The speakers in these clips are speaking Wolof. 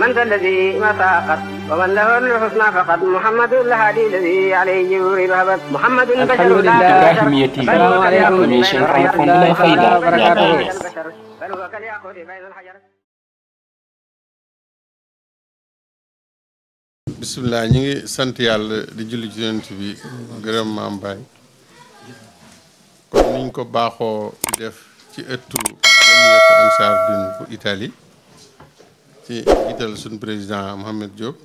من ذا الذي ما فاقت ومن له الحسنى فقد محمد الهادي الذي عليه جبريل هبت محمد بشر الحمد لله رحمية تي السلام عليكم من شيخ الحمد لله فايدة يا بارس بل هو كالياقوت بين الحجر bisimilah ñu ngi sant yàlla di julli ci yonent bi gërëm maam Baay comme niñ ko baaxoo di def ci ëttu Jamiyatu Ansaaru Din bu Italie ci jiital suñu président Mohamed Diop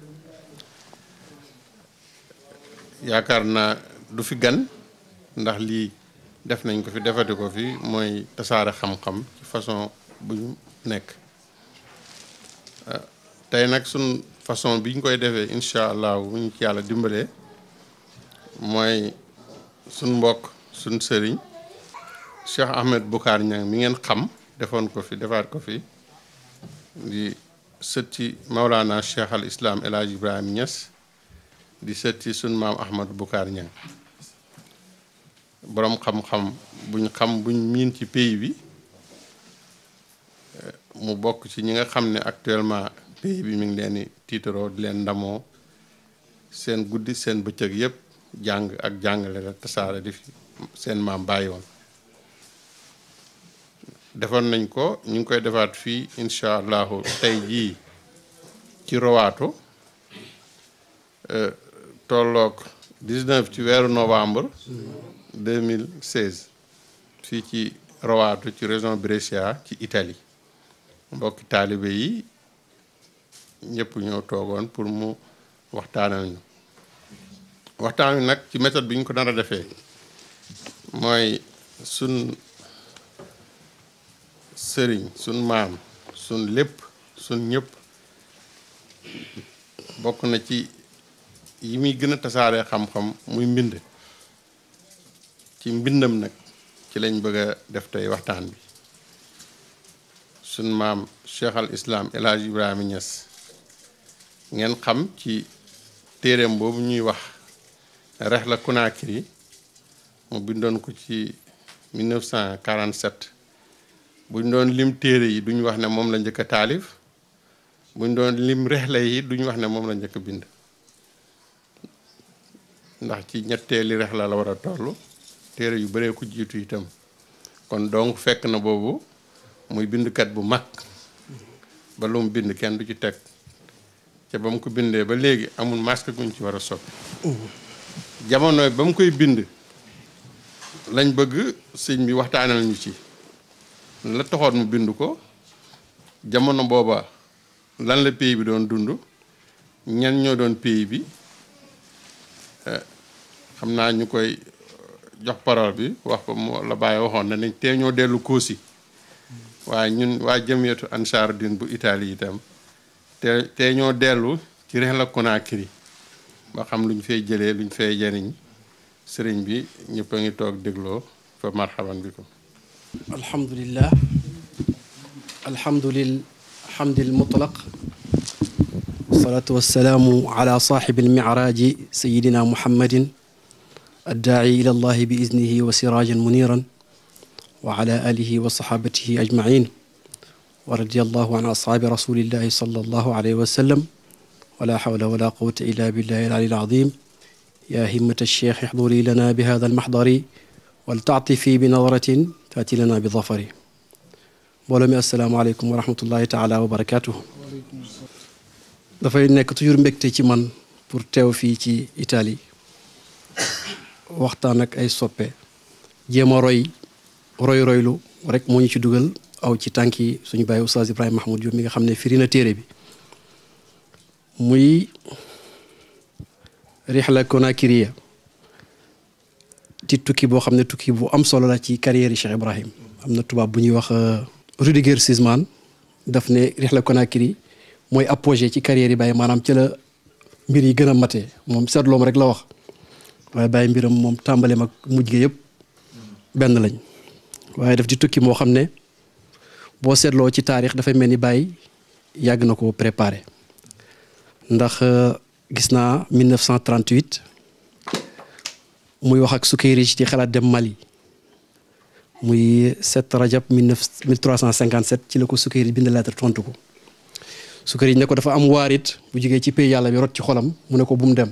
yaakaar naa du fi gan ndax lii def nañ ko fi defati ko fi mooy tasaare xam-xam ci façon bu ñu nekk euh, tey nag suñ façon bi koy defee incha allah bu ñu ci yàlla dimbalee mooy suñ mbokk suñ sëriñ Cheikh Ahmed Boucar Niang mi ngeen xam defoon ko fi defaat ko fi lii sët ci Maulana Cheikh al Islam El Hadj Ibrahim Niass di sët ci sunu maam Ahmad Boucar Niang boroom xam-xam buñ xam buñ miin ci pays bi eh, mu bokk ci ñi nga xam ne actuellement pays bi mi ngi leen di tiitaroo leen ndamoo seen guddi seen bëccëg yépp jàng ak jàngale la tasaare di fi seen maam bàyyi woon defoon nañ ko ñu ngi koy defaat fii incha allahu tey jii ci rowaatu euh, tolloog 19 ci weeru novembre 2016 fii ci rowaatu ci région Brescia ci Italie mbokki taalibe yi ñëpp ñoo toogoon pour mu waxtaanal ñu waxtaan wi nag ci méthode bi ñu ko nar a defee mooy sun sëriñ sun maam sun lépp sun ñëpp bokk na ci yi muy gën a tasaaree xam-xam muy mbind ci mbindam nag ci lañ bëgg a def tey waxtaan bi sun maam cheikh al islam El Hadj Ibrahima ngeen xam ci téereem boobu ñuy wax Rihla Konakri mu bindoon ko ci 1947 buñ doon lim téere yi duñ wax ne moom la njëkk a taalif buñ doon lim rexla yi duñ wax ne moom la njëkk a bind ndax ci ñetteeli rexla la war a toll téere yu bëree jiitu itam kon donc fekk na boobu muy bindkat bu mag ba lu mu bind kenn du ci teg ca ba mu ko bindee ba léegi amul masque guñ ci war a soppi jamono ba mu koy bind lañ bëgg sëñ bi waxtaanal ñu ci la taxoon mu bind ko jamono booba lan la pays bi doon dund ñan ñoo doon pays bi eh, xam naa ñu koy eh, jox parole bi wax ko mu la bàyyi waxoon na ni tee ñoo dellu Koosi waa ñun waa jamiyatu ansaar din bu Italie itam te tee ñoo dellu ci reex la Conakry ba xam luñ fay jëlee luñ fay jariñ sëriñ bi ñëpp ngi toog dégloo fa marxaban bi ko الحمد لله الحمد للحمد المطلق والصلاة والسلام على صاحب المعراج سيدنا محمد الداعي إلى الله بإذنه وسراجا منيرا وعلى آله وصحابته أجمعين ورضي الله عن أصحاب رسول الله صلى الله عليه وسلم ولا حول ولا قوة إلا بالله العلي العظيم يا همة الشيخ احضري لنا بهذا المحضر ولتعطفي بنظرة فأتي لنا بظفري بولمي السلام عليكم ورحمة الله تعالى وبركاته دفعي نك تجور مك تيكي من pour تيو في تي إتالي وقتانك أي صوبة جيما روي روي روي لو رك موني تي دوغل أو تي تانكي سوني باي أستاذ إبراهيم محمود يومي خمنا فرينا تيري بي موي رحلة كوناكيريه ci tukki bo xamne tukki bu am solo la ci carrière Cheikh Ibrahim amna tuba bu ñuy wax Rudiger Sisman daf ne Rihla konakri moy apogée ci carrière yi Baye maanaam ci la mbir yi gëna maté mom moom seetloom rek la wax waaye Baye mbiram mom tambalé mak mujjé yëpp ben lañ waye daf ci tukki mo xamne bo setlo ci taarix dafay mel ni Baye yag nako préparer ndax gisna 1938 muy wax ak Sukayrij ci xalaat dem Mali muy 7 rajab 1357 ci la ko Sukayrij bind lettre tontu ko Sukayrij ne ko dafa am warit bu jige ci pays yàlla bi rot ci xolam mu ne ko bum dem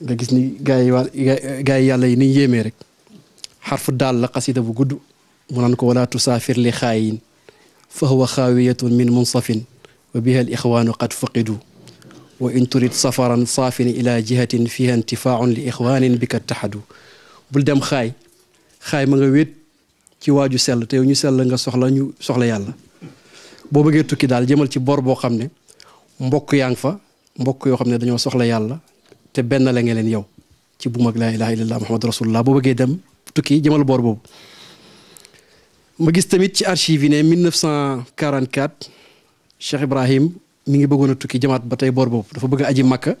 nga gis ni gaa yi yàlla yi ni yeme rek harfu dal la qasida bu gudd mu nan ko wala tusafir li khayin fa huwa khawiyatun min munsafin wa biha al ixwaanu qad faqidu وإن تريد سفرا صاف إلى جهة فيها انتفاع لإخوان بك اتحدوا bul dem xaay xaay ma nga wéet ci waaju sell te yow ñu sell nga soxla ñu soxla yàlla boo bëggee tukki daal jëmal ci bor boo xam ne mbokk yaa ngi fa mbokk yoo xam ne dañoo soxla yàlla te benn la nga leen yow ci bu mag laa ilaha illallah muhammadu rasulullah boo bëggee dem tukki jëmal bor boobu ma gis tamit ci archive yi ne 1944 Cheikh Ibrahim mi ngi bëggoon a tukki jamaat ba tey boor boobu dafa bëgg aji Makka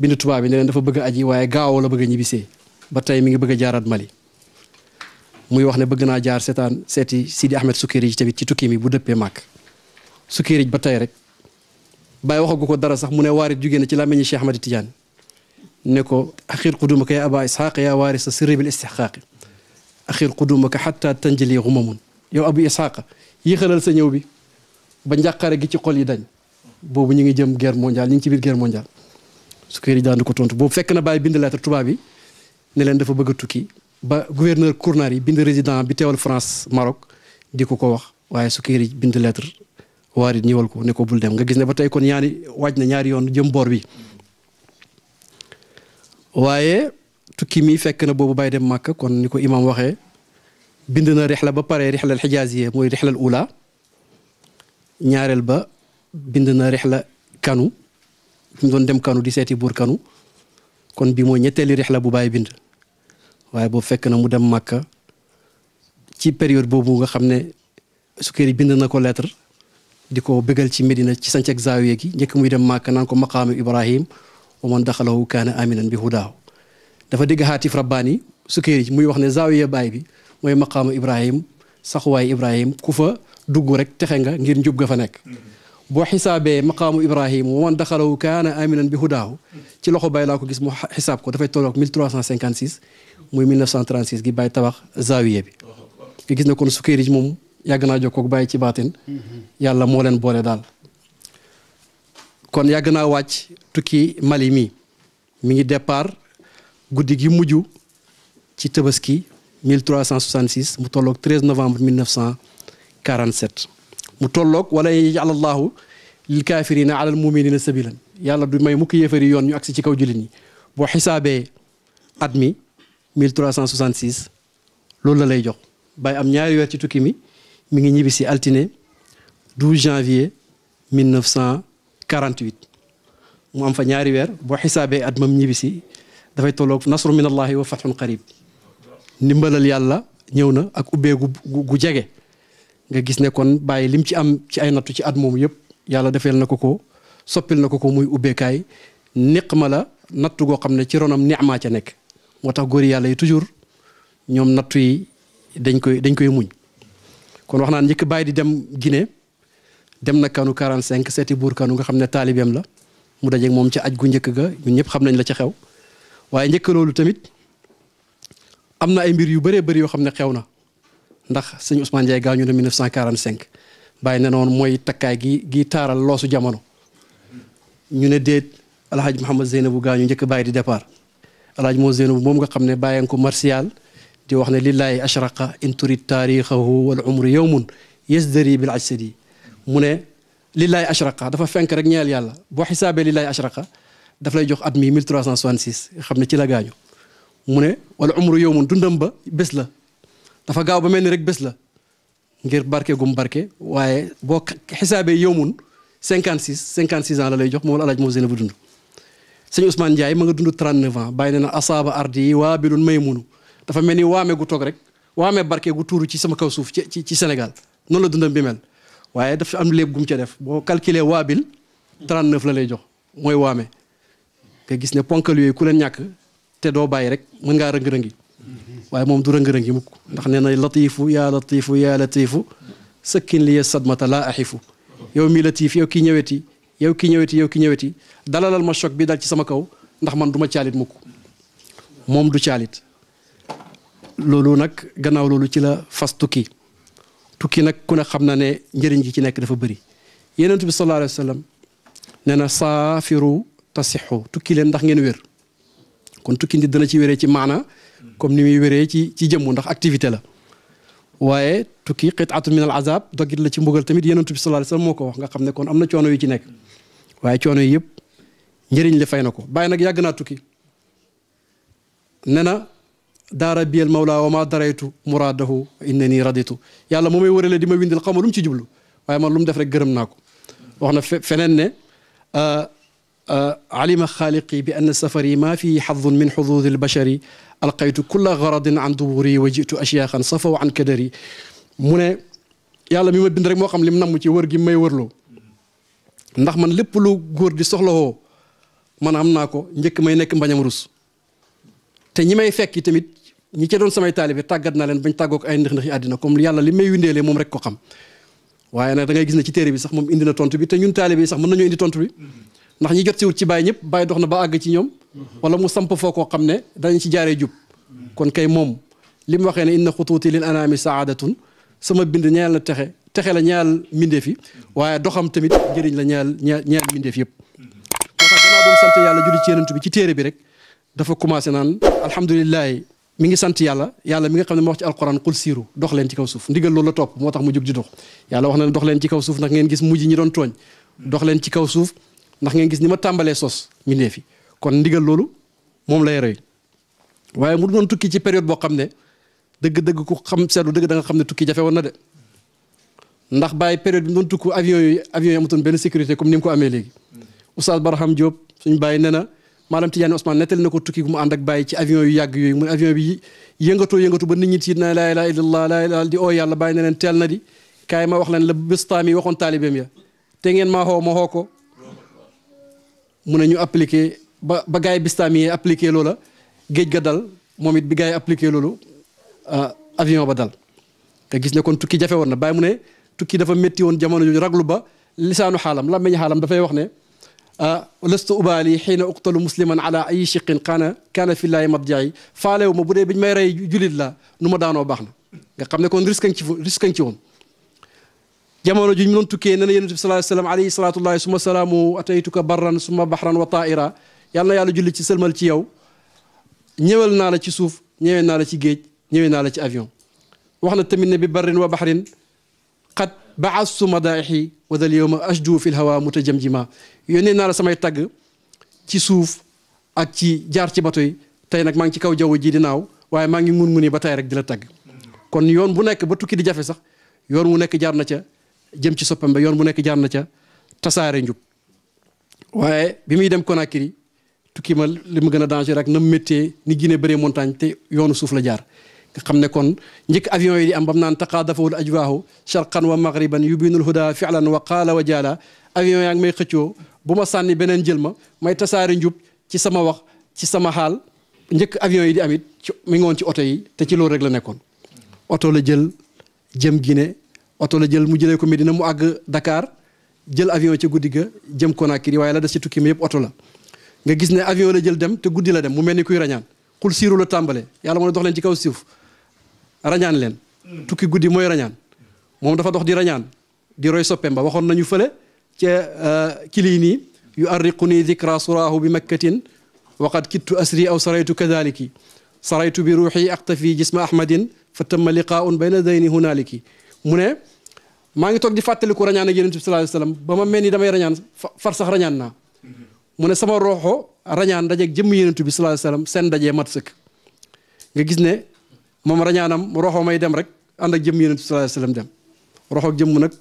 bind tubaab bi ne leen dafa bëgg aji waaye gaawoo la bëgg a ñibbisee ba tey mi ngi bëgg a jaaraat Mali muy wax ne bëgg naa jaar seetaan seeti Sidi Ahmed Sukkerij tamit ci tukki mi bu dëppee màkk Sukkerij ba tey rek bàyyi waxagu ko dara sax mu ne waarit jugee ci ci làmmiñi Cheikh Ahmad Tidiane ne ko axir qudumaka ya aba isxaq yaa waaris sa sirri bil istixqaaqi axir qudumaka xatta tanjali xumamun yow abu isxaqa yéexalal sa ñëw bi ba njàqare gi ci xol yi dañ boobu ñu ngi jëm guerre mondiale ñu ngi ci biir guerre mondiale Sukayrij daan ko tontu boobu fekk na Baye bind lettre tubaab bi ne leen dafa bëgg a tukki ba gouverneur yi bind résident bi teewal France Maroc di ko ko wax waaye Sukayrij bind lettre waarit ñëwal ko ne ko bul dem nga gis ne ba tey kon ñaari waaj na ñaari yoon jëm boor bi waaye tukki mi fekk na boobu Baye dem Màkka kon ni ko imam waxee bind na rixla ba pare rixlal xijaaziye mooy rixlal ula ñaareel ba bind na rexla kanu mu doon dem kanu di seeti buur kanu kon bi mooy ñetteeli rexla bu bàyyi bind waaye boo fekk na mu dem màkka ci période boobu nga xam ne Sukayrij bind na ko lettre di ko bëggal ci Medina ci sanceg zaawiya gi njëkk muy dem màkka naan ko maqaamu Ibrahim wa man daxalahu kaana aminan bi hudaaw dafa dégg xaatif rabbaani Sukayrij muy wax ne zaawiya baay bi mooy makaamu Ibrahim saxuwaay Ibrahim ku fa dugg rek texe nga ngir njub ga fa nekk mm-hmm. boo xisaabee maqaamu Ibrahima wa man daxalawu kaana aminan bi hudaahu ci loxo bay laa ko gis mu xisaab ko dafay tolloog 1356 muy 1936 gi bàyyi tabax zaawiya bi. nga gis ne kon Sukeyri moom yàgg naa jokkoo ko bàyyi ci baatin yàlla moo leen boole daal. kon yàgg naa wàcc tukki Mali mi mu ngi départ guddi gi mujj ci tabaski 1366 mu tolloog 13 novembre 1947. mu tolloog wala yajal allahu lil ala al mu'minin sabila yàlla du may mukk yéefari yon ñu aksi ci kaw jullit ñi boo xisaabee 1366 lool la lay jox bay am ñaari wér ci tukki mi mi ngi ñibisi altine 12 janvier 1948 mu am fa ñaari wér bo hisabé admam ñibisi da fay dafay nasru min allah wa fathun qarib nimbalal yàlla ñewna ak ubbe gu jégué nga gis ne kon bàyyi lim ci am ci ay nattu ci at moomu yëpp yàlla defeel na ko ko soppil na ko ko muy ubbeekaay neq ma la nattu goo xam ne ci ronam neexmaa ca nekk moo tax góori yàlla yi toujours ñoom nattu yi dañ koy dañ koy muñ kon wax naa njëkk bàyyi di dem Guinée dem na kanu 45 seeti buur kanu nga xam ne taalibeem la mu dajeeg moom ca aj gu njëkk ga ñun ñëpp xam nañ la ca xew waaye njëkk loolu tamit am na ay mbir yu baree bëri yoo xam ne xew na ndax seigne Ousmane Ndiaye gañu na 1945 bay na non moy takkaay gi gi taral loosu jamono ñu ne déet alhaaj mohammed zainabou gañu ñeuk bay di départ alhaaj mo zainabou mom nga xamne bayen ko martial di wax ne lillahi ashraqa in turid tarikhahu wal umru yawmun yazdari bil asri mu ne lillahi ashraqa dafa fenk rek ñeal yàlla bo hisabe lillahi ashraqa daf lay jox at mi 1366 xamne ci la gañu mu ne wal umru yawmun dundam ba bés la dafa gaaw ba mel ni rek bés la ngir barke gum barke waaye boo xisaabee yow mun 56 56 ans la lay jox moom la alaaj moo seen bu dund sëñ Ousmane ma nga dund 39 ans bàyyi na na asaaba ardi yi waa bilun may munu dafa mel ni waame gu toog rek waame barke gu tuuru ci sama kaw suuf ci ci Sénégal noonu la dundam bi mel waaye dafa am léeb gum ca def boo calculer waabil 39 la lay jox mooy waame nga gis ne ponkal ku leen ñàkk te doo bàyyi rek mën ngaa rëng-rëngi waaye moom du rëng-rëng yi mukk ndax nee na latiifu yaa latiifu yaa latiifu sëkkin li ya sadmata laa axifu yow mi latiif yow kii ñëweti yow ki ñëweti yow dalalal ma choc bi dal ci sama kaw ndax man du ma caalit mukk moom du caalit loolu nag gannaaw loolu ci la fas tukki tukki nag ku ne xam na ne njëriñ gi ci nekk dafa bëri yenentu bi sallallahu alayhi wa sallam nee na saafiru tasixu tukki leen ndax ngeen wér kon tukki nit dana ci wéree ci maana comme ni muy wéree ci ci jëmm ndax activité la waaye tukki qit'atu min al azab doggit la ci mbugal tamit yonent bi sallallahu alayhi wasallam moo ko wax nga xam ne kon am na coono yu ci nekk waaye coono yi yëpp njëriñ li fay na ko bàyyi nag yàgg naa tukki ne na daara biyal mawla wa ma daraytu muradahu innani raditu yàlla moo may wërale di ma windil xaw ma ci jublu waaye man lu def rek gërëm naa ko wax na feneen ne ah, آه، علم خالقي بأن سفري ما في حظ من حظوظ البشر ألقيت كل غرض عن دوري وجئت أشياخا صفوا عن كدري من يالا ميما بن رك موقام لمنا موتي ورغ ما يورلو ندخ من لب لو غور دي سوخلو من امنا كو نيك ماي نيك مباني روس تي ني ماي فيكي تاميت ني تي دون ساماي طالب تاغاتنا لين بن تاغوك اي نخ نخي ادنا كوم يالا لي مي ويندي لي موم رك كو خام وايي نا داغي غيس نا سي تيري بي صاح نيو اندي تونتو ndax ñi jot siwut ci bay ñep bay dox na ba ag ci ñom wala mu samp foko xamne dañ ci jaaree jup kon kay mom lim waxe ne inna khututi lil anami saadatun sama bind ñal na texe texe la ñal minde fi waye doxam tamit jeriñ la ñal ñal minde fi yep ko tax danaa doon sante yàlla julli ci yenant bi ci téré bi rek dafa commencé nan alhamdullilah mi ngi sante yàlla yàlla mi nga xamne mo wax ci alquran qul siru dox len ci kaw suuf ndigal loolu top motax mu jóg di dox yàlla wax na dox len ci kaw suuf nak ngeen gis mujj ñi doon togn dox len ci kaw suuf ndax ngeen gis ni ma tàmbalee soos mbindeef yi kon ndigal loolu moom lay roy waaye mu doon tukki ci période boo xam ne dëgg-dëgg ko xam seetlu dëgg da xam ne tukki jafe woon na de ndax bàyyi période bi mu doon tukku avion yi avion yi benn sécurité comme ni mu ko amee léegi Oustaz Barham Diop suñu bàyyi nee na maanaam Tidiane Ousmane nettali na ko tukki gu mu ànd ak bàyyi ci avion yu yàgg yooyu mu avion bi yëngatoo yëngatu ba nit ñi tiit na laa ilaaha illallaah laa ilaaha di oo yàlla bàyyi na leen teel na di kaay ma wax leen waxoon taalibeem ya te ko mun ne ñu appliqué ba ba gars yi bistaam yi appliqué loola géej ga dal moom it bi gaay yi appliqué loolu ah, avion ba dal te gis ne kon tukki jafe woon na bàyyi mu ne tukki dafa métti woon jamono jooju raglu ba lisaanu xaalam làmmiñu xaalam dafay wax ne ah, lëstu ubaali xiina uqtalu musliman ala ay chiqin kaana kaana fillaahi mabjaayi faalewu ma bu dee biñ may rey julit la nu ma daanoo baax na nga xam ne kon risque ci risque nga ci woon jamono juñ doon tukkee nee na yonent bi sallallahu alayhi wa sallam alayhi salaatullahi suma salaamu ataytuka barran suma baxran wa taaira yàlla yàlla julli ci sëlmal ci yow ñëwal naa la ci suuf ñëwee naa la ci géej ñëwee naa la ci avion wax na tamit ne bi barrin wa baxrin xat baastu madaaixi wa dal yowma ashdu fi lhawa mutajamjima yónnee naa la samay tagg ci suuf ak ci jaar ci bato yi tey nag maa ngi ci kaw jaww ji di naaw waaye ngi mun muni ba rek di la kon yoon bu nekk ba tukki di jafe sax yoon wu nekk jaar na ca jëm ci soppam ba yoon bu nekk jaar na ca tasaare njub waaye bi muy dem Conakry tukki ma li mu gën a danger ak na mu méttee ni Guinée bëree montagne te yoonu suuf la jaar nga xam ne kon njëkk avion yi di am bam naan taqaadafawul ajwaahu sharqan wa maghriban yubinul huda fi'lan wa qaala wa jaala avion yaa ngi may xëccoo bu ma sànni beneen jël ma may tasaare njub ci sama wax ci sama xaal njëkk avion yi di am it mi ngi ci oto yi te ci loolu rek la nekkoon oto la jël jëm Guinée auto la jël mu jëlé ko Medina mu ag Dakar jël avion ci goudi ga jëm Conakry waye la da ci tukki mi yëpp oto la nga gis ne avion la jël dem te goudi la dem mu melni kuy rañan khul siiru la tàmbale yàlla mo dox len ci kaw suuf rañan len tukki goudi moy rañan mom dafa dox di rañan di roy soppeem ba waxoon nañu feulé ci kilini yu arriquni dhikra surahu suraahu bi makkatin waqad kittu asri aw saraytu kadaliki saraytu bi ruuxi aqtafi jisma ahmadin fa tamma liqaaun bayna dayni hunaaliki mu ne maa ngi toog di fàttaliku rañaan ak yonent bi sallallahu ba ma mel ni damay rañaan far sax rañaan naa mu ne sama roxo rañaan dajeeg jëmm yonent bi sallallahu seen dajee mat sëkk nga gis ne moom rañaanam roxo may dem rek ànd ak jëmm yonent bi sallallahu dem roxo jëmm nag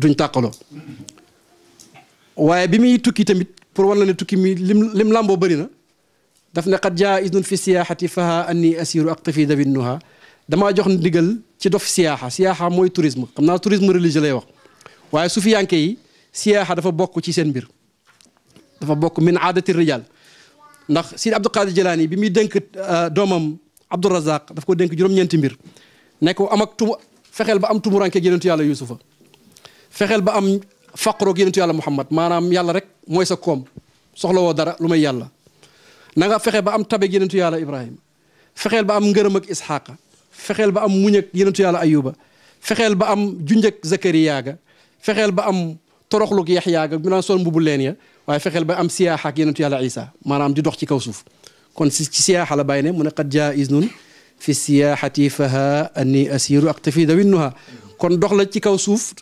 duñ tàqaloo waaye bi muy tukki tamit pour war na ne tukki mi lim lim làmboo bëri na daf ne xat jaa iznun fi siyaahati faha anni asiru aqtafi dabin nuha dama jox ndigal ci dof siyaha siyaha moy tourisme xamna tourisme religieux lay wax waye waaye yanke yi siyaha dafa bok ci sen bir dafa bok min adati rijal ndax Sidi Abdou Qadir Jilani bi mi dénk domam Abdou razzaq daf ko dénk ñent mbir ne am ak tumu fexeel ba am tumuranke ak yonentu yàlla yusufa fexel ba am faqroog yonentu yàlla Muhammad manam yàlla rek moy sa kom koom wo dara lumay yàlla na nga fexe ba am tabe yonentu yàlla ibrahim fexel ba am ngërëm ak ishaqa fexeel ba am muñ ak yenentu yàlla ayuba fexeel ba am junjëk zakariya ga fexeel ba am toroxluk yaxyaa ga mi naan sol mbubu leen ya waaye fexeel ba am siyaaxa ak yenentu yàlla isa maanaam di dox ci kaw suuf kon si ci siyaaxa la bàyyi ne mu ne qad jaa isnun fi siyaahati faha anni asiru aqtafi dawinnuha kon dox la ci kaw suuf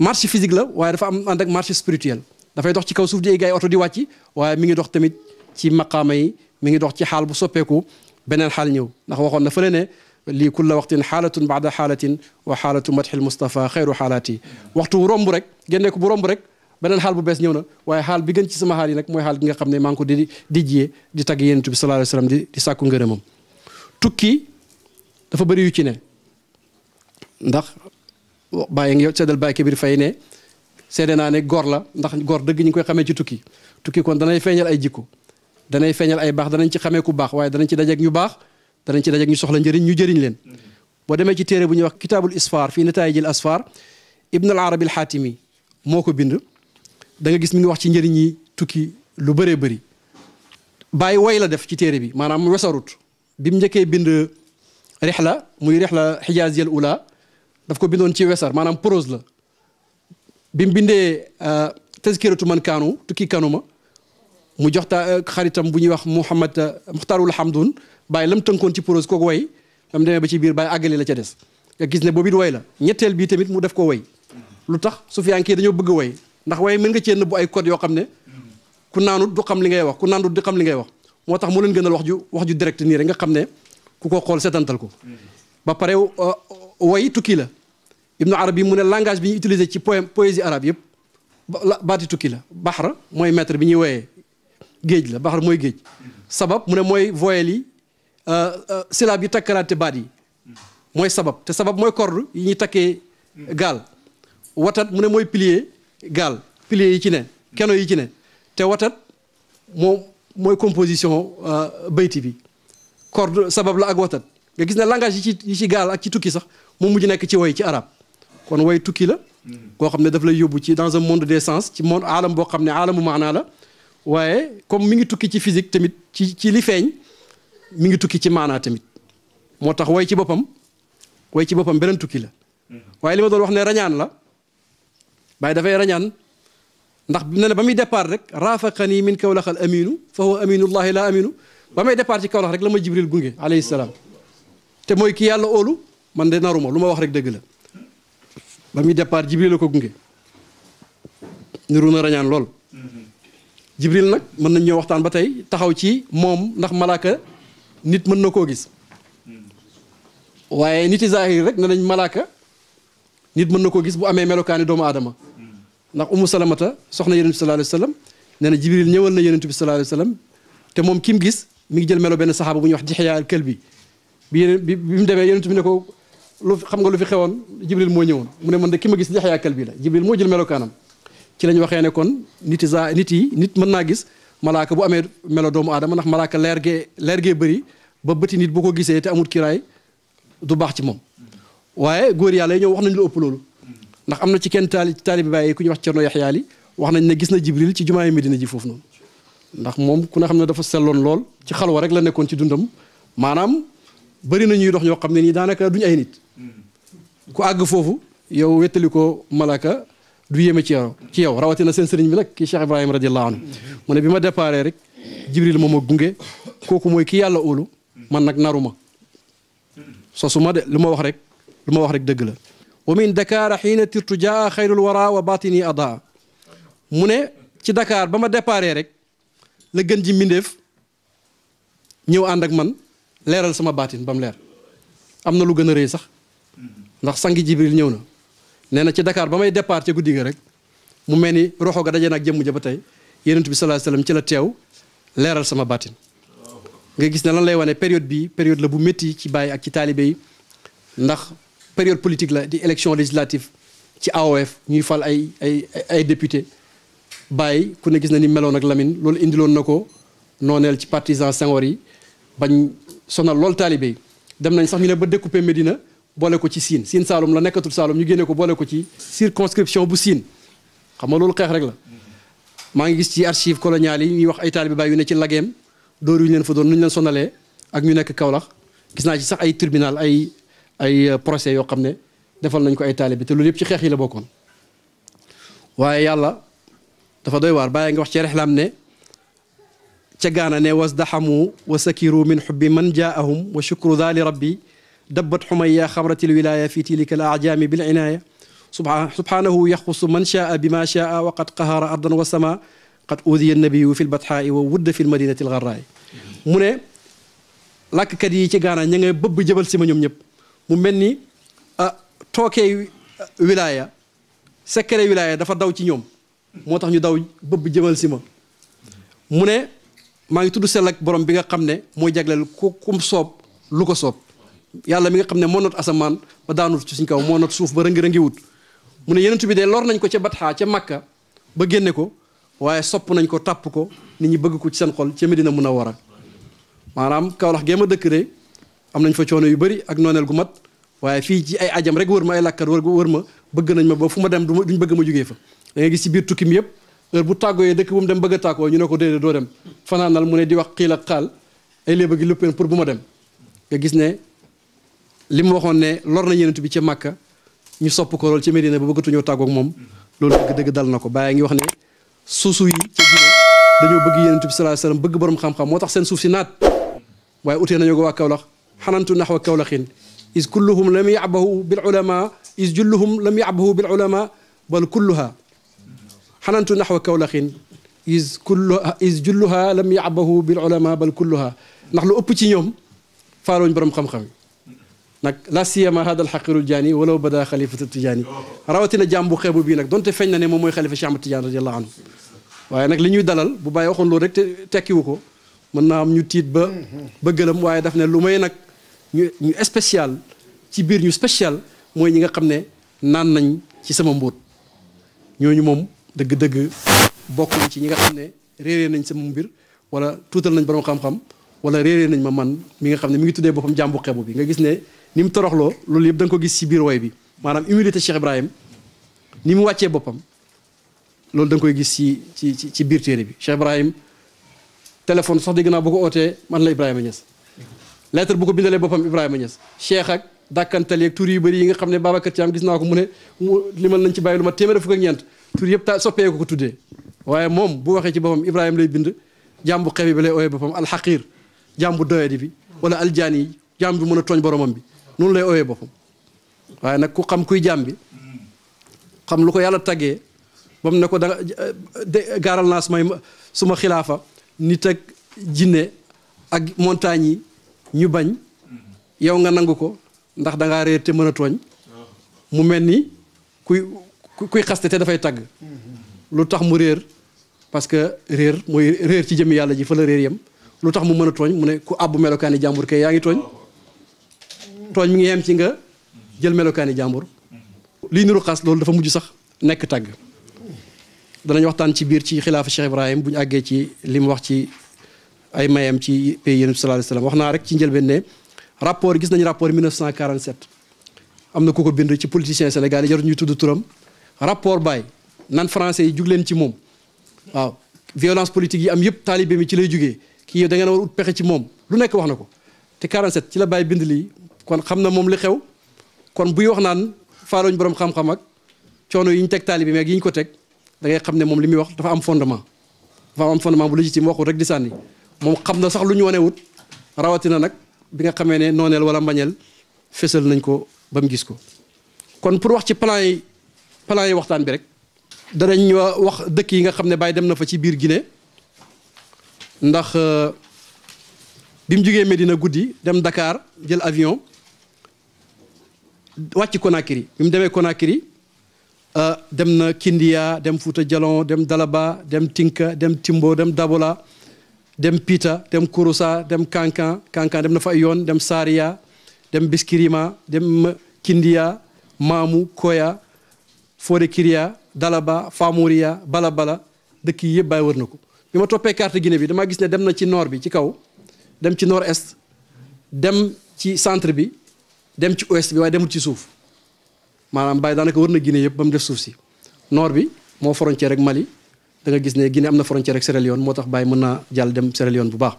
marche physique la waaye dafa am ànd ak marche spirituelle dafay dox ci kaw suuf di egg ay oto di wàcc waaye mi ngi dox tamit ci maqaama yi mi ngi dox ci xaal bu soppeeku beneen xaal ñëw ndax waxoon na fële ne لي كل وقت حالة بعد حالة وحالة مدح المصطفى خير حالاتي وقت روم رك جنك بروم رك بنن حال بو بس نيونا واي حال بي سما حالي نك موي حال ديغا خامني مانكو دي دي جي دي تاغي ينتبي صلى الله عليه وسلم دي دي ساكو غيرمم توكي دا فا بري يوتي ني ندخ باي نيو تشدل باي كبير فاي سيدنا ني غور لا غور دغ ني كوي خامي تي كون داناي فينال اي جيكو داناي اي باخ دانن تي خامي كو باخ واي دانن تي نيو باخ danañ ci dajeeg ñu soxla njëriñ ñu jëriñ leen boo demee ci téere bu ñuy wax kitaabul isfaar fii nataayijil asfaar ibn al arabi al xaatimi moo ko bind danga gis mi ngi wax ci njëriñ yi tukki lu bëree bëri bàyyi woy def ci téere bi maanaam wesarut bi njëkkee bind rixla muy rixla xijaaziyal ula daf ko bindoon ci wesar maanaam prose la bi bindee euh, tazkiratu man kaanu tukki kanuma mu jox xaritam bu ñuy wax Muhammad euh, Muxtaarul Hamdun bàyyi lam tënkoon ci prose kooku way ba mu demee ba ci biir bàyyi àggali la ca des nga gis ne boobu it la ñetteel bii tamit mu def ko way lu tax su fiyaan kii dañoo bëgg way ndax way mën nga cee nëbbu ay code yoo xam ne ku naanut du xam li ngay wax ku naanut xam li ngay wax moo tax mu leen gënal wax ju wax ju direct nii rek nga xam ne ku ko xool setantal ko ba pare euh, way tukki la ibnu arabi mu ne langage bi ñu utilisé ci poème poésie arabe yëpp baati tukki la baxra mooy maître bi ñuy woyee géej la baxra mooy géej sabab mu ne mooy voyelles yi Euh, euh, silaab yi takkalante baat yi mooy sabab te sabab mooy corde yi ñuy takkee gaal watat mu ne mooy pilier gaal pilier yi ci ne keno yi ci ne te watat moom mooy composition euh, bayti bi corde sabab la ak watat nga gis ne langage yi ci yi ci gaal ak ci tukki sax moom mujj nekk ci woy ci arab kon way tukki la koo xam ne daf la yóbbu ci dans un monde des sens ci monde aalam boo xam ne aalamu naa la waaye comme mi ngi tukki ci physique tamit ci ci li feeñ mi ngi tukki ci maanaa tamit moo tax woy ci boppam woy ci boppam beneen tukki la waaye li ma doon wax ne rañaan la bàyyi dafay rañaan ndax ne na ba muy départ rek raafaqani min kawlax al aminu fa huwa aminullahi la aminu ba may départ ci kawlax rek la ma jibril gunge alayhi salaam te mooy ki yàlla óolu man de naruma lu ma wax rek dëgg la ba muy départ jibril la ko gunge niru na rañaan lool jibril nag mën nañ ñoo waxtaan ba tey taxaw ci moom ndax malaaka nit mën nako gis waye nit zahir rek ne nañ malaka nit mën nako gis bu amé melokan doomu adama ndax ummu salamata soxna yaron sallallahu alayhi wasallam sallam jibril ñëwal na yaron bi sallallahu alayhi wasallam te mom kim gis mi ngi jël melo ben sahaba bu ñu wax jihya al Kalbi bi bi mu démé yaron bi nako lu xam nga lu fi xewon jibril mo ñewon mu ne man de kima gis jihya al Kalbi la jibril mo jël melokanam ci lañ waxé ne kon nit za nit yi nit mën na gis malaaka bu amee melo doomu aadama ndax malaaka leer gee leer gee bëri ba bëti nit bu ko gisee te amul kiraay du baax ci moom waaye góor yàlla yi ñëw wax nañu lu ëpp loolu ndax am na ci kenn taali taalibi bàyyi ku ñu wax Cerno Yaxyaali wax nañ ne gis na Jibril ci jumaay Medina ji foofu noonu ndax moom ku ne xam ne dafa selloon lool ci xalwa rek la nekkoon ci dundam maanaam bari na ñuy dox ñoo xam ne nii daanaka duñ ay nit mm. ku àgg foofu yow wettali ko malaka du yema ci yow ci yow rawati na sen serigne bi nak ki Cheikh ibrahim radiyallahu anhu mune bima bi déparé rek Jibril moma gunge koku moy ki yàlla óolu man nak naruma sosuma de luma wax rek luma wax rek deug la wa min Dakar hina tirtuja khairul wara wa batini ada mune ci Dakar bama ma déparé rek le gën ji mindef ñëw ànd ak man leral sama batine bam mu amna lu gëna a sax ndax sangi Jibril ñewna nee na ci Dakar ba may départ ci guddi ga rek mu mel ni roxo ga daje nag jëmm ja ba tey bi sallallahu alayhi wasallam ci la teew leeral sama baatin nga gis ne lan lay wane période bi période la bu métti ci bàyyi ak ci taalibe yi ndax période politique la di élection législative ci AOF ñuy fal ay ay ay député bàyyi ku ne gis na ni meloon ak Lamine loolu indiloon na ko nooneel ci partisan sangor yi bañ sonal lool taalibe yi dem nañ sax ñu ne ba découper Medina. bolé ko ci sin sin salum la nekatul salum ñu génne ko bolé ko ci circonscription bu sin xam nga loolu rek la ma ngi gis ci archive coloniale yi ñuy wax ay taalibe bay yu ne ci lagem dóor yu leen fa doon nu leen sonalé ak ñu nekk kaolax gis naa ci sax ay tribunal ay ay procès yoo xam ne defal nañ ko ay taalibe te loolu yëpp ci xex yi la bokkoon waaye yàlla dafa doy waar bàyyi nga wax ci rexlaam ne ca gaana ne wasdaxamu wa sakiru min xubbi man jaahum wa shukru daali rabbi دبت حمية خبرة الولاية في تلك الأعجام بالعناية سبحانه يخص من شاء بما شاء وقد قهر أرضا وسماء قد أوذي النبي في البطحاء وود في المدينة الغراء من لك كدي تجانا نعى بب جبل سمن يوم يب ممني توكي ولاية سكر ولاية دفع داو تنيوم موتا نيو داو بب جبل سمن من ما يتدو لك برم بيغا قمني مو يجاقل صوب لوكو صوب yàlla mi nga xam ne moo not asamaan ba daanut ci suñ kaw moo not suuf ba rëngi-rëngi wut mu ne yenentu bi de lor nañ ko ca batxaa ca màkka ba génne ko waaye sopp nañ ko tàpp ko nit ñi bëgg ko ci seen xol ca Medina Munawara maanaam Kawlax géem a dëkk de am nañ fa coono yu bari ak nooneel gu mat waaye fii ci ay ajam rek wër ma ay làkkat wër ma bëgg nañ ma ba fu ma dem duñ bëgg ma jógee fa da nga gis ci biir tukki mi yëpp heure bu tàggooyee dëkk bu mu dem bëgg a ñu ne ko déedéet doo dem fanaanal mu ne di wax xiil ak xaal ay gi luppeen pour bu ma dem gis ne li mu waxoon ne lor na yenent bi ca Makka ñu sopp ko lool ci Medina ba bëggatuñoo tàggoog moom loolu dëgg-dëgg dal na ko bàyyi ngi wax ne suusu yi ca Guinée dañoo bëgg yenent bi sallallahu alayhi wasallam bëgg borom xam-xam moo tax seen suuf si naat waaye utee nañu ko waa Kawlax xanantu naxwa Kawlaxin is kulluhum lam yabahu bil ulama is julluhum lam yabahu bil ulama bal kulluha xanantu naxwa Kawlaxin is kulluha is julluha lam yabahu bil ulama bal kulluha ndax lu ëpp ci ñoom faaluñ borom xam-xam yi nag la siyama hada alxaqir uljaani walaw bada xalifatu tijaani rawatina jaam bu xeebu bii nag donte feeñ na ne moom mooy xalifa Cheikh Ahmad Tidiane radiallahu anhu waaye nag li ñuy dalal bu bàyyi waxoon loolu rek te tekkiwu ko mën naa am ñu tiit ba ba gëlëm waaye daf ne lu may nag ñu ñu spécial ci biir ñu spécial mooy ñi nga xam ne naan nañ ci sama mbóot ñooñu moom dëgg-dëgg bokk ci ñi nga xam ne réeree nañ sama mbir wala tuutal nañ borom xam-xam wala réeree nañ ma man mi nga xam ne mi ngi tuddee boppam jaam bu xeebu bi nga gis ne ni mu toroxloo loolu yëpp da ko gis ci biir way bi manam humilité Cheikh Ibrahim ni mu wàccee boppam loolu da koy gis ci ci ci biir téré bi Cheikh Ibrahim téléphone sax degna bu ko oté man la ibrahim Niass lettre bu ko bindalé bopam ibrahim Niass Cheikh ak dàkkantali ak tur yu bari yi nga xamné ne Babacar Thiam gis nako mune limal nañ ci bàyyi lu ma téeméer ak ñent tour yeb ta soppé ko ko tuddee waaye moom bu waxé ci bopam ibrahim lay bind jàmbu xebi bi lay bopam al haqir jàmbu doyé bi wala al jani jàmbu mëna togn boromam bi noonu lay ooyee boppam waaye nag ku xam kuy jaam lu ko yàlla taggee ba ne ko da gaaral naa sumay suma xilaafa nit ak jinne ak montagne yi ñu bañ yow nga nangu ko ndax dangaa réer mën a tooñ mu mel ni kuy kuy xaste dafay tagg lu tax mu réer parce que réer mooy réer ci jëmmi yàlla ji fa la réer yem lu tax mu mën a tooñ mu ne ku àbbu melokaani jàmbur kay yaa ngi tooñ tooñ mi ngi yem ci nga jël melokaani jàmbur lii niru xas loolu dafa mujj sax nekk tàgg danañ waxtaan ci biir ci xilaafa Cheikh Ibrahim bu ñu àggee ci li mu wax ci ay mayam ci pays yéen sallallahu alayhi wax naa rek ci njëlbeen ne rapport gis nañ rapport 1947 am na ku ko bind ci politicien sénégalais jarul ñuy tudd turam rapport Baye nan français yi jug leen ci moom waaw violence politique yi am yëpp taalibe mi ci lay jugee kii da ngeen war ut pexe ci moom lu nekk wax na ko te 47 kon xam na moom li xew kon buy wax naan faaloñ borom xam-xam ak coono yiñ ñu teg taalibi meeg yiñ ko teg da ngay xam ne moom li muy wax dafa am fondement dafa am fondement bu légitime waxu rek di sànni moom xam na sax lu ñu wanewut rawatina nag bi nga xamee ne nooneel wala mbañeel fésal nañ ko ba mu gis ko kon pour wax ci plan yi plan yi waxtaan bi rek danañ wax dëkk yi nga xam ne Baye dem na fa ci biir Guinée ndax bi mu jógee Medina guddi dem Dakar jël avion wàcc Conakry bi mu demee Conakry euh, dem na Kindia dem Fouta Djalon dem Dalaba dem Tinka dem Timbo dem Dabola dem piita dem Kouroussa dem Kankan Kankan dem na fa ay yoon dem Saria dem Biskirima dem Kindia Maamu Koya Fodé Kiria Dalaba Famouria Balabala dëkk yi yëpp bàyyi wër na ko bi ma toppee carte Guinée bi damaa gis ne dem na ci noor bi ci kaw dem ci nord est dem ci centre bi dem ci ouest bi waaye demul ci suuf maanaam Baye daanaka wër na Guinée yëpp ba mu def suuf si nord bi moo frontière rek Mali da gis ne Guinée am na frontière rek Sierra Leone moo tax Baye mën naa jàll dem Sierra Leone bu baax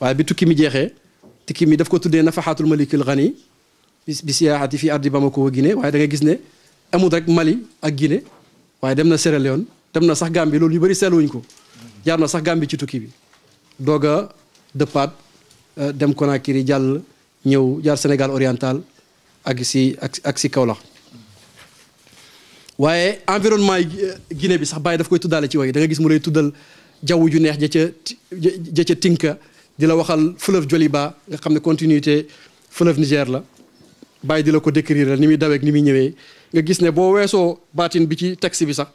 waaye bi tukki mi jeexee tukki mi daf ko tuddee nafaxaatul malikul xani bi siyaati fii ba ma wa Guinée waaye da nga gis ne amut rek Mali ak Guinée waaye dem na Sierra Leone dem na sax Gambie loolu yu bëri wuñ ko jaar na sax Gambie ci tukki bi doog a dëppaat euh, dem Conakry jàll ñëw jaar Sénégal oriental ak si ak ak kaw la waaye environnement yi eh, Guinée bi sax Baye daf koy tuddaale ci way da gis mu lay tuddal jaww ju neex ja ca ja ca Tinka di la waxal fleuve Joliba nga xam ne continuité fleuve Niger la Baye di la ko décrire ni muy daweeg ni muy ñëwee nga gis ne boo weesoo baatin bi ci texte bi sax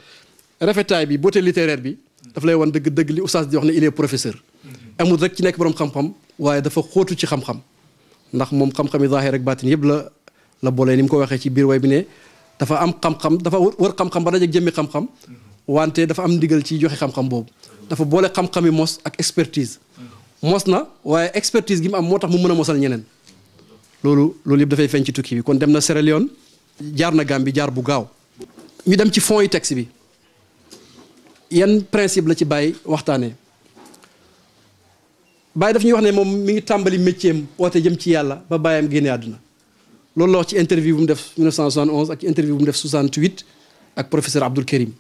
rafetaay bi beauté littéraire bi daf lay wan dëgg dëgg li oustaz di wax ne il professeur mm-hmm. amul rek ci nekk boroom xam-xam waaye dafa xóotu ci xam ndax moom xam-xami zahir rek baatin yëpp la la boole ni mu ko waxee ci biir way bi ne dafa am xam-xam dafa wër xam-xam ba dajeeg jëmmi xam-xam wante dafa am ndigal ci joxe xam-xam boobu dafa boole xam-xami mos ak expertise mos na waaye expertise gi mu am moo tax mu mën a mosal ñeneen loolu loolu yëpp dafay feeñ ci tukki bi kon dem na Sierra Leone jaar na Gambie jaar bu gaaw ñu dem ci fond yi texte bi yan principe la ci bàyyi waxtaanee Baye daf ñuy wax ne moom mi ngi tàmbali métier am oote jëm ci yàlla ba am génne àdduna loolu la wax ci interview bu mu def 1971 ak ci interview bu mu def 68 ak professeur Abdoul Karim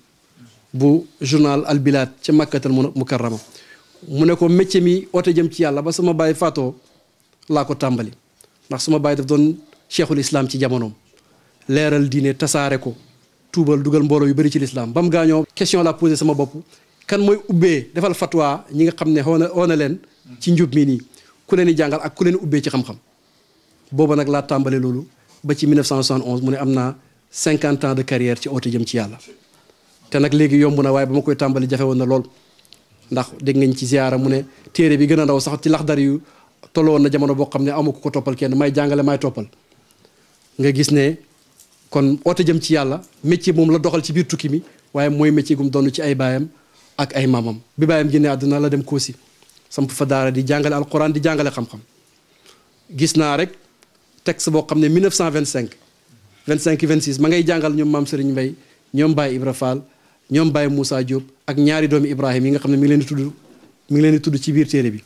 bu journal Al Bilad ca Makkatal Mukarrama mu ne ko métier mi oote jëm ci yàlla ba sama baay faatoo laa ko tàmbali ndax suma baay daf doon cheikhul islam ci jamonoom leeral diine tasaare ko tuubal dugal mbooloo yu bëri ci l'islam ba mu gaañoo question la posé sama bopp kan mooy ubbee defal fatwa ñi nga xam ne xoo na xoo na leen ci njub mi nii ku leen di jàngal ak ku leen ubbee ci xam-xam booba nag laa tàmbale loolu ba ci 1971 mu ne am naa 50 ans de carrière ci oote jëm ci yàlla te nag léegi yomb na waaye ba ma koy tàmbali jafewoon na lool ndax dégg ngañ ci ziara mu ne téere bi gën a ndaw sax ci lax laxdar yu tolloon na jamono boo xam ne amu ko toppal kenn may jàngale may toppal nga gis ne kon oote jëm ci yàlla métier moom la doxal ci biir tukki mi waaye mooy métier gum doon ci ay baayam ak ay maamam bi baayam génne àdduna la dem Koosi samp fa daara di jàngale alquran di jàngale xam-xam gis naa rek texte boo xam ne 1925 25 26 ma ngay jàngal ñoom maam Serigne mbay ñoom Baye Ibra faal ñoom Baye Moussa jóob ak ñaari doomi ibrahim yi nga xam ne mi ngi leen di tudd mi ngi leen di tudd ci biir téere bi.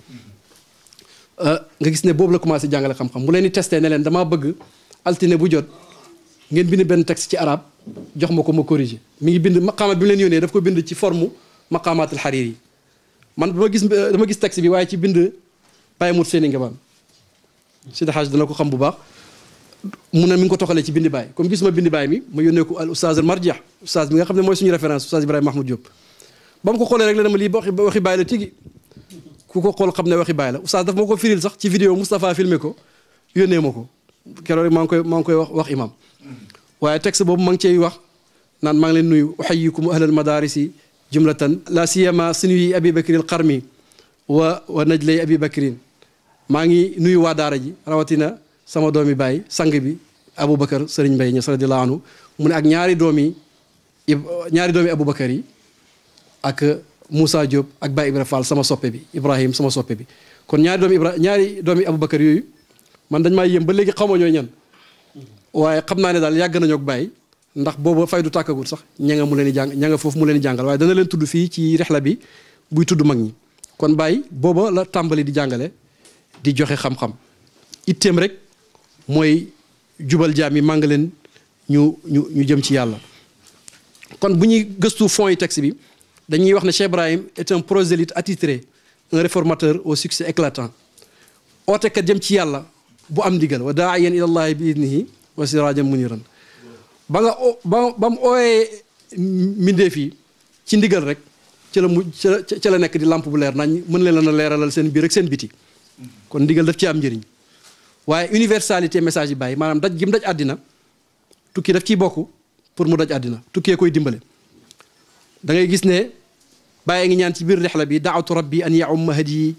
Euh, nga gis ne boobu la commencé jàngale xam-xam bu leen di testé ne leen damaa bëgg altine bu jot ngeen bind benn texte ci araab jox ma ko ma corrigé mi ngi bind maqaama bi mu leen yónnee daf ko bind ci forme maqaamaatul xariir yi. man dama gis dama gis texte bi waaye ci bind Baye Mour Seyni Ngabaan Seydi Hadj dana ko xam bu baax mu na mi ngi ko toxalee ci bindi baay comme ma bindi baay mi ma yónnee ko al oustaz al marjia oustaz bi nga xam ne mooy suñu référence oustaz Ibrahima Mahmoud Diop ba mu ko xoolee rek la dama lii ba baay la tigi ku ko xool xam ne wax baay la oustaz daf ma ko firil sax ci vidéo Moustapha filmé ko yónnee ma ko keroog maa ngi koy maa ngi koy wax wax imam waaye texte boobu ma ngi cey wax naan maa ngi leen nuyu uhayyikum ahlal madarisi jumlatan la siyama sunuy abi bakril xarmi wa wa najlay abi bakrin maa ngi nuyu waa daara ji rawatina sama doomi baay sang bi aboubacar sëriñ mbay ñas radiallahu anhu mu ne ak ñaari doomi ñaari doomi aboubacar yi ak Moussa Diop ak Baye Ibra Fall sama soppe bi Ibrahim sama soppe bi kon ñaari doomi Ibra ñaari doomi Aboubacar yooyu man dañ maa yéem ba léegi xaw ma ñooy ñan waaye xam naa ne daal yàgg nañoo ak Baye ndax booba faydu tàkkagul sax ña nga mu leen di jàng ña nga foofu mu leen di jàngal waaye dana leen tudd fii ci rexla bi buy tudd mag ñi kon bàyyi booba la tàmbali di jàngale di joxe xam-xam itteem rek mooy jubal jaam yi màng leen ñu ñu ñu jëm ci yàlla kon bu ñuy gëstu fond yi texte bi dañuy wax ne Cheikh Ibrahim est un prosélyte attitré un réformateur au succès éclatant ootekat jëm ci yàlla bu am ndigal wa daa'iyan ilallaahi bi idnihi wa siraajan muniran ba nga ba ba mu ooyee mbindeef yi ci ndigal rek ci la ci la nekk di lamp bu leer nañ mën leen na leeralal seen biir rek seen biti kon ndigal daf ci am njëriñ waaye universalité message yi bàyyi maanaam daj gi mu daj àddina tukki daf ciy bokk pour mu daj àddina tukkee koy dimbale da ngay gis ne bàyyi ngi ñaan ci biir rixla bi daawatu rabbi an yaum hadiyi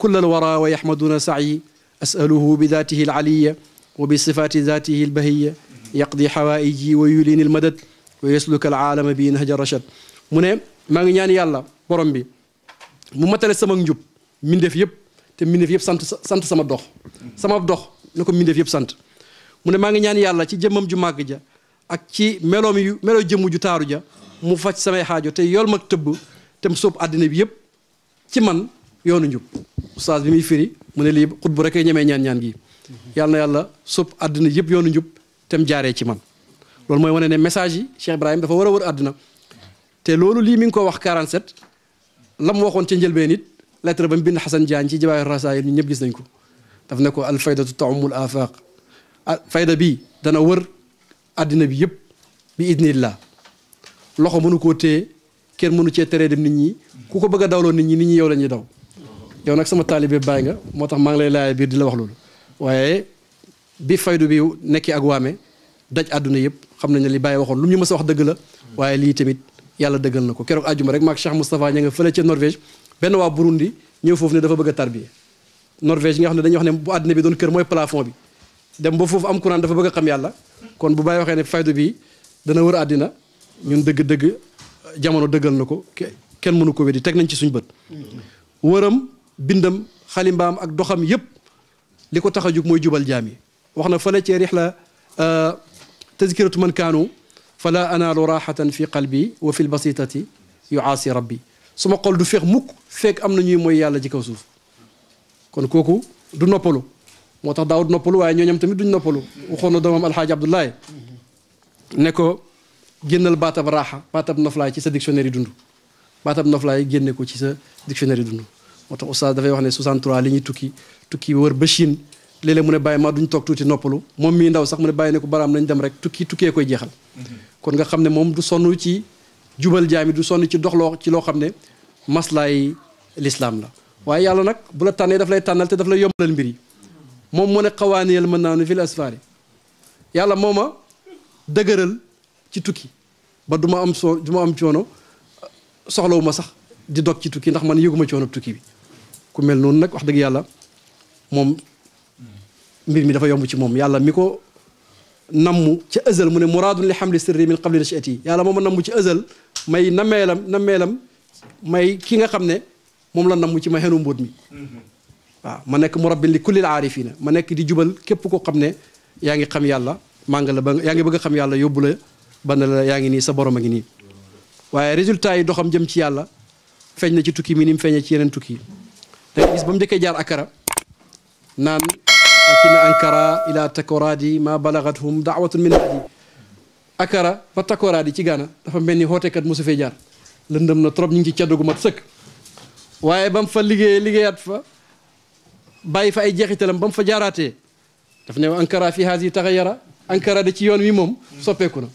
kullal wara wa yaxmaduna saayi بذاته bi daatihi al aliya wa bi yaqdi xawaaiji wa yulini l madad wa yasluka al aalama bi nahja rachad mu ne maa ngi ñaan yàlla borom bi mu matale sama njub mbindeef yëpp te mbindeef yëpp sant sant sama dox sama dox na ko mbindeef yëpp sant mu ne maa ngi ñaan yàlla ci jëmmam ju màgg ja ak ci meloom yu meloo jëmm ju taaru ja mu faj samay xaajo te yool mag tëbb te mu sóob àddina bi yëpp ci man yoonu njub oustaz bi muy firi mu ne lii xut bu rekk ñemee ñaan ñaan gi yàlla na yàlla sóob àddina yëpp yoonu njub te mu jaaree ci man loolu mooy wane ne message yi Cheikh Ibrahim dafa war a wër àdduna te loolu lii mi ngi ko wax 47 la mu waxoon ca njëlbeen it lettre ba mu bind Xasan Jaan ci Jawaahir Rasaa'il ñun ñëpp gis nañ ko daf ne ko al faydatu taumul afaq fayda bi dana wër àddina bi yëpp bi idnillah loxo mënu koo téye kenn mënu cee teree dem nit ñi ku ko bëgg a dawloo nit ñi nit ñi yow la ñuy daw yow nag sama taalibe bàyyi nga moo tax maa ngi lay laaya biir di la wax loolu waaye bi faydu bi nekkee ak waame daj àdduna yëpp xam nañ ne li Baye waxoon lu ñu mës a wax dëgg la waaye lii tamit yàlla dëggal na ko keroog àjjuma rek maag Cheikh Moustapha ña nga fële ca Norvège benn waa Burundi ñëw foofu ne dafa bëgga a tarbiye Norvège nga xam ne dañuy wax ne bu àdduna bi doon kër mooy plafond bi dem ba foofu am courant dafa bëgg a xam yàlla kon bu Baye waxee ne faydu bi dana wër àddina ñun dëgg-dëgg jamono dëggal na ko kenn mënu ko weddi teg nañ ci suñu bët wëram bindam xalimbaam ak doxam yëpp li ko tax a jóg mooy jubal jaam yi وحنا فلا تي رحلة آه، تذكرة من كانوا فلا أنال راحة في قلبي وفي البسيطة يعاصي ربي ثم قال دو فيك موك فيك أمن نيو موي يالا جيكو سوف كون كوكو دو نوبولو موتا داود نوبولو وعي نيو نيو دو نوبولو وخونا دوام الحاج عبد الله نكو جنل باتب راحة باتب نفلاي تي سديكشنري دوندو باتب نفلاي جنكو تي سديكشنري دوندو موتا أستاذ دفعي وحنا سوسان ترالي ني توكي توكي ور بشين léeg mu ne bàyyi ma duñ toog tuuti noppalu moom mii ndaw sax mu ne bàyyi ne ko baraam nañ dem rek tukki tukkee koy jeexal mhm. kon nga xam ne moom du sonn ci jubal jaami du sonn ci doxloo ci loo xam ne maslaay lislaam la waaye yàlla nag bu la tànnee daf lay tànnal te daf lay yombalal mbir yi moom mu ne xawaaniyal mën naa ne fil asfaari yàlla moo ma dëgëral ci tukki ba du ma am so du ma am coono soxlawu ma sax di dog ci tukki ndax man yëguma coono tukki bi ku mel noonu nag wax dëgg yàlla mbir mi dafa yomb ci moom yàlla mi ko nammu ci ëzal mu ne muraadun li xamli sirri min qabli nashati yàlla mooma nammu ci ëzal may nameelam nameelam may ki nga xam ne moom la nammu ci ma xenu mbóot mi waaw ma nekk murabbin li kullil aarifina ma nekk di jubal képp ko xam ne yaa ngi xam yàlla maa la ba yaa ngi bëgg xam yàlla yóbbu la ba ne la yaa ngi nii sa borom a ngi nii waaye résultat yi doxam jëm ci yàlla feeñ na ci tukki mi ni mu feeñee ci yeneen tukki yi da gis ba mu njëkkee jaar akara naan لكن أنكرا إلى تكورادي ما بلغتهم دعوة من نادي أكرا فتكورادي تي غانا دا فا ملني هوتي كات موسى فيجار لندم نا تروب نينجي تيادوغو ما تسك واي بام فا ليغي باي فا اي جيخيتلام بام جاراتي دا فني أنكرا في هذه تغيرا أنكرا دي تي يون وي موم سوبيكونا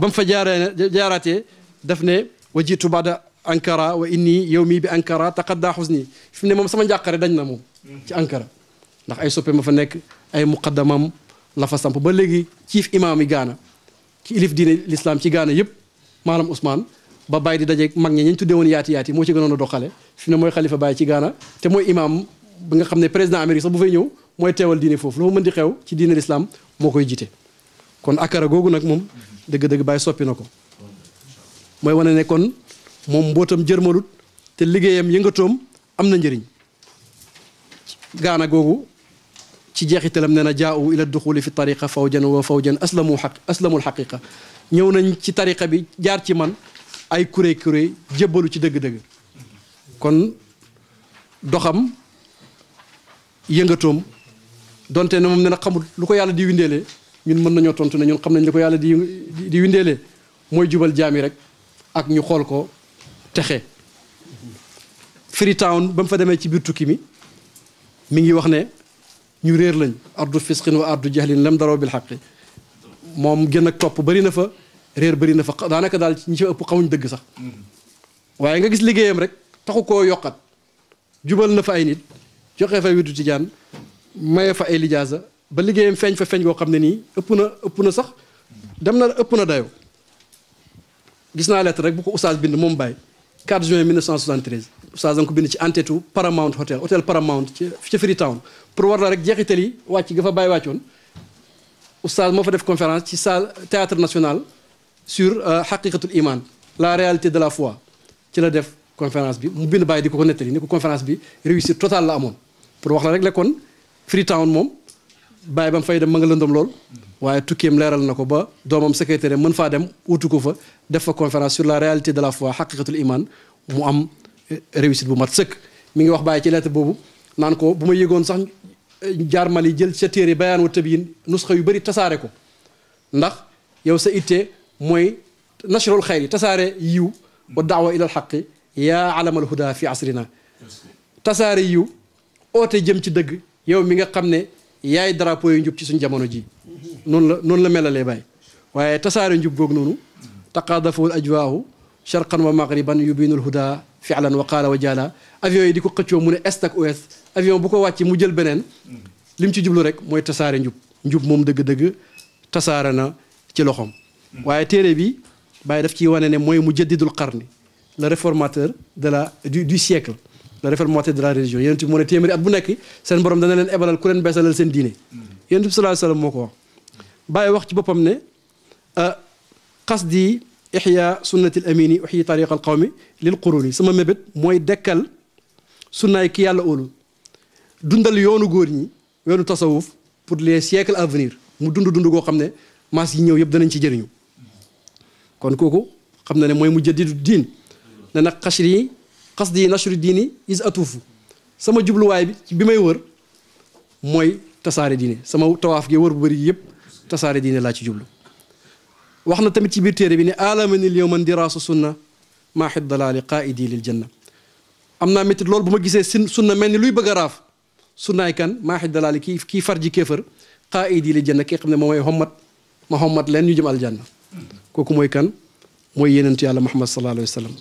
بام فا جارا جاراتي دا فني وجيت بعد أنكرا وإني يومي بأنكرا تقدا حزني فني موم سما جاكاري داجنا تي أنكرا ndax ay soppe ma fa nekk ay muqaddamam la fa samp ba léegi ciif imaam yi gaana ci ilif diine l'islam ci gaana yëpp maanaam Ousmane ba bàyyi di dajeeg mag ñi ñu tuddee woon yaati yaati moo ci gënoon a dox doxale fi ne mooy xalifa bàyyi ci gaana te mooy imaam bi nga xam ne président Amérique sax bu fay ñëw mooy teewal diine foofu lu mu di xew ci diine l'islam moo koy jiite kon akara googu nag moom dëgg-dëgg bàyyi soppi na ko mooy wane ne kon moom mbootam jërmalut te liggéeyam yëngatoom am na njëriñ gaana googu تجاهي تلمنا جاءوا إلى الدخول في الطريقة فوجا وفوجا أسلموا حق أسلموا الحقيقة نيونا في الطريقة بي جار تمن أي كوري كوري جبلو تدق دق كن دخم ينغتوم دونت نم من نقم لكو يالا دي ويندلي نين من نيو تونت نيون قم نيو يالا دي دي ويندلي موي جبل جامي رك اك نيو خول كو تخي فري تاون بام فا دامي تي بيرتو كيمي ميغي واخ ñu réer lañ ardu fisqin wa ardu jahlin lam daraw bil xaqi moom gën ak topp bëri na fa réer bëri na fa daanaka daal ñi ci ëpp xamuñ dëgg sax waaye nga gis liggéeyam rek taxu koo yokkat jubal na fa ay nit joxe fa wirdu tijaan maye fa ay lijaasa ba liggéeyam feeñ fa feeñ boo xam ne nii ëpp na ëpp na sax dem na ëpp na dayoo gis naa lettre rek bu ko oustaz bind moom bàyyi 4 juin 1973 Oustaz ko bind ci en tête Paramount Hotel hôtel Paramount ci Freetown pour war la rek jeexital yi wàcc ga fa bàyyi wàccoon Oustaz moo fa def conférence ci salle théâtre national sur xaqiqatul iman la réalité de la foi ci la def conférence bi mu bind bàyyi di ko ko nettali ni ko conférence bi réussite totale la amoon pour wax la rek la kon Freetown moom bàyyi ba mu fay dem ma nga lëndëm lool waaye tukkeem leeral na ko ba doomam secrétaire mën faa dem wutu ko fa def fa conférence sur la réalité de la foi xaqiqatul iman mu am réussite bu mat seuk mi ngi wax baye ci lettre bobu nan ko buma yegone sax jaar Mali jël ci téré bayan wa tabiin nuskha yu bari tassaré ko ndax yow sa ité moy nashrul khair tassaré yu wa da'wa ila al-haqq ya alam al huda fi asrina tasaare yiw oote jëm ci deug yow mi nga xamné yaay drapeau yu ñub ci suñu jamono ji non la non la melalee bàyyi waaye tasaare njub googu noonu taqaadafawul ajwaahu sharqan wa maghriban yubinul huda فعلا وقال وجالا افيون يدي كو خيو مون استاك او اس افيون بوكو واتي مو جيل بنين ليم تي جيبلو ريك موي تسارا نجوب نجوب موم دغ دغ تسارا نا تي لوخوم واي تيري بي باي داف تي واني موي مجدد القرن لا ريفورماتور دو لا دو دو سيكل لا ريفورماتور دو لا ريليجيون يونتي مون تيمري ات بو نيك سن بروم دا نالن ابلال كولن بيسالل سن ديني يونتي صلى الله عليه وسلم موكو باي واخ تي بوبام ني ا قصدي ixya sunnatil amini uxyi tariqal qawmi lil quruni sama mébét mooy dekkal sunnaay ki yàlla óolul dundal yoonu góor ñi yoonu tasawuf pour les siècles à venir mu dund dund goo xam ne yi ñëw yëpp danañ ci jëriñu kon kooku xam ne mooy mu jëddidu diin ne nag xasir yi nashru diini is atuufu sama jubluwaay bi bi may wër mooy tasaare diine sama tawaaf gi wër bu bëri yëpp tasaare diine laa ci jublu wax na tamit ci biir téere bi ne alamanil yowman diraasu sunna maaxi dalaali qaidi lil janna am naa métti loolu bu ma gisee sin sunna mel ni luy bëgg a raaf sunnaay kan maaxi dalaali kii kii far ji kéefër qaidi lil janna kii xam ne moom mooy xommat ma xommat leen ñu jëm aljanna kooku mooy kan mooy yenentu yàlla muhammad sallallahu alayhi wa sallam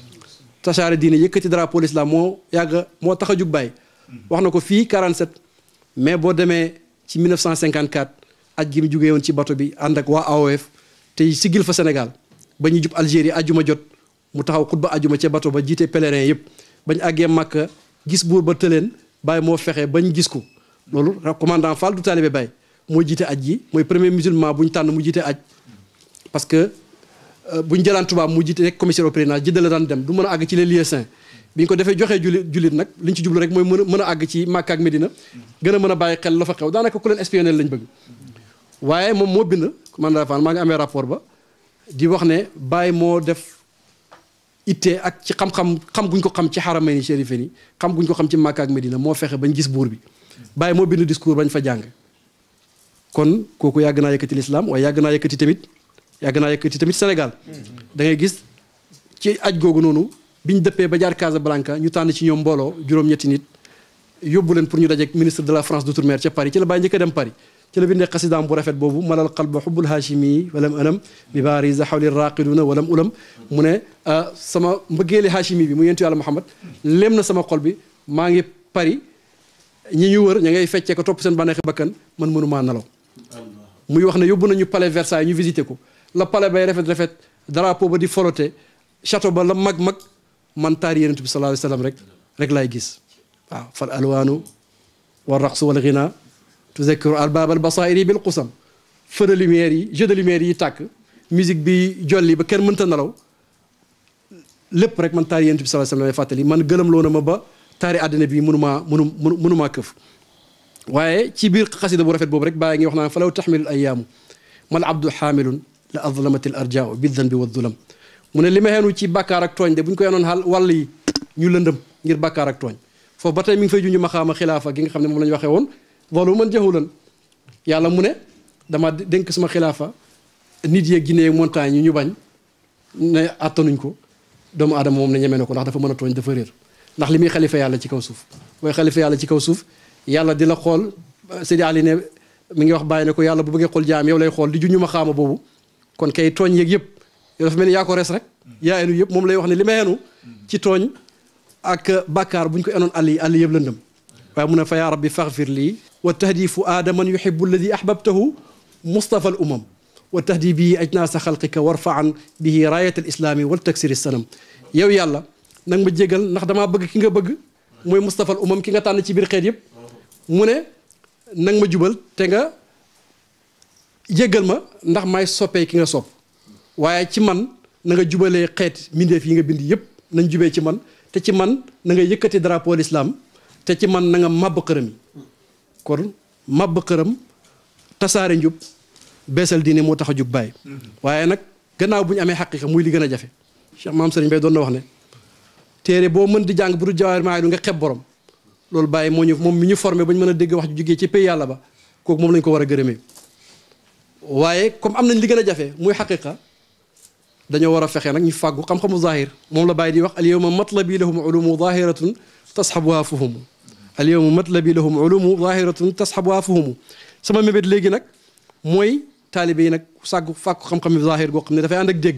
tasaare diine yëkkati drapeau l'islam moo yàgg moo tax a jug bàyyi wax na ko fii 47 mais boo demee ci 1954 at gi mu jugee woon ci bato bi ànd ak waa AOF tey siggil fa Sénégal ba ñuy jub Algérie ajuma jot mu taxaw xutba ajuma ci bato ba jiite pèlerin yépp bañ àggee Màkka gis buur ba tëleen Baye moo fexe bañ gis ko loolu commandant Fall du talibé Baye moo jiite aj yi mooy premier musulman bu ñu tànn mu jiite aj parce que euh, bu ñu jëlaan tubaab mu jiite commissaire au pèlerinage jidda la daan dem du mën a àgg ci les liens saints bi ko defee joxee julit julit nag liñ ci jublu rek mooy mën a mën a àgg ci Màkka ak Medina gën a mën a bàyyi xel la fa xew daanaka ku leen espionnel lañ bëgg waaye moom moo bind commandant Fane maa ngi amee rapport ba di wax ne Baye moo def ittee ak ci xam-xam xam guñ ko xam ci xaramayni chérifé ni xam guñ ko xam ci Makka ak Medina moo fexe bañ gis buur bi Baye moo bind discours bañ fa jàng kon kooku yàgg naa yëkkati lislaam waaye yàgg naa yëkkati tamit yàgg naa yëkkati tamit Sénégal da ngay gis ci aj googu noonu biñ dëppee ba jaar Casablanca ñu tànn ci ñoom mbooloo juróom-ñetti nit yóbbu leen pour ñu dajeek ministre de la France d'outre-mer ca Paris ci ci la bindee xasidaam bu rafet boobu malal qalba xubbul haashimi walam anam bi baarisa xawli raaqiduna walam ulam mu ne sama mbëggeeli haashimi bi mu yentu yàlla muhammad lem na sama xol bi maa ngi pari ñi ñu wër ña ngay feccee ko topp seen bànneexi bakkan man mënumaa nalaw muy wax ne yóbbu nañu palais Versailles ñu visité ko la palais bay rafet rafet drapeau ba di folote château ba la mag mag man taari yonent bi sallallahu alayhi wa sallam rek rek laay gis waaw fal alwaanu wa raqsu wal ghina tuzakiru arbab al basairi bil qusam feu de lumière yi jeu de lumière yi tàkk musique bi jolli ba kenn mënta nelaw lépp rek man taari yonent bi sallallahu alayhi wasallam fàttali man gëlëm loo na ma ba taari àddina bi mënumaa mënu mënumaa këf waaye ci biir xasida bu rafet boobu rek bàyyi ngi wax naan falaw taxmilul ayaamu mal abdu xaamilun la azlamatil arjaau bi danbi wa dulam mu ne li ma xeenu ci bàkkaar ak tooñ de bu ñu ko yenoon xal wàll yi ñu lëndëm ngir bàkkaar ak tooñ foofu ba tey mi ngi fay juñu maxaama xilaafa gi nga xam ne moom la ñu waxee woon zaluman jahulan yàlla mu ne dama denk sama xilaafa nit yeeg Guinée yeeg montagne yi ñu bañ ne àttanuñ ko doomu aadama moom ne ñeme na ko ndax dafa mën a tooñ dafa réer ndax li muy xalifa yàlla ci kaw suuf mooy xalifa yàlla ci kaw suuf yàlla di la xool Seydi yi ne mi ngi wax bàyyi ne ko yàlla bu bëggee xool jaam yow lay xool di juñu ma xaama boobu kon kay tooñ yeeg yëpp yow dafa mel ni yaa ko res rek yaa enu yëpp moom lay wax ne li ma enu ci tooñ ak bàkkaar bu ñu ko enoon àll yi àll yëpp lëndëm فهمنا فيا ربي فاغفر لي والتهدي فؤاد من يحب الذي احببته مصطفى الامم والتهدي به اجناس خلقك وارفعا به رايه الاسلام والتكسير السلام يا يلا نك ما جيغال نخدا ما بغ كيغا بغ موي مصطفى الامم كيغا تان سي بير خيت ييب مون نك ما جوبال تيغا جيغال ما ندخ ماي سوبي كيغا سوب وايا سي مان نغا جوبالي خيت ميندي فيغا بيندي ييب نان جوبي سي مان تي سي مان نغا يكهتي درابو الاسلام te ci man na nga mab kërëm kon mab kërëm tassare njub bessel diine mo taxaju bay wayé nak gannaaw buñ amé haqiqa muy li gëna jafe Cheikh mam serigne Bay doon na wax ne téré bo mën di jàng bu jawar maay lu nga xeb borom loolu bay mo ñu mom mi ñu formé buñ mëna dégg wax ju jógee ci pays yàlla ba kok mom lañ ko wara gërëmé waye comme am nañ li gëna jafe muy haqiqa dañu wara fexe nak ñu fàggu xam-xamu zahir mom la bay di wax al yawma matlabi lahum ulumu zahiratun tasḥabuha fuhumu اليوم matlabi lahum ulumu zahiratun tasxabuha fuhumu sama mébét léegi nag mooy taalibe yi nag sàkku fàkku xam-xam yi zahir goo xam ne dafay ànd ak dégg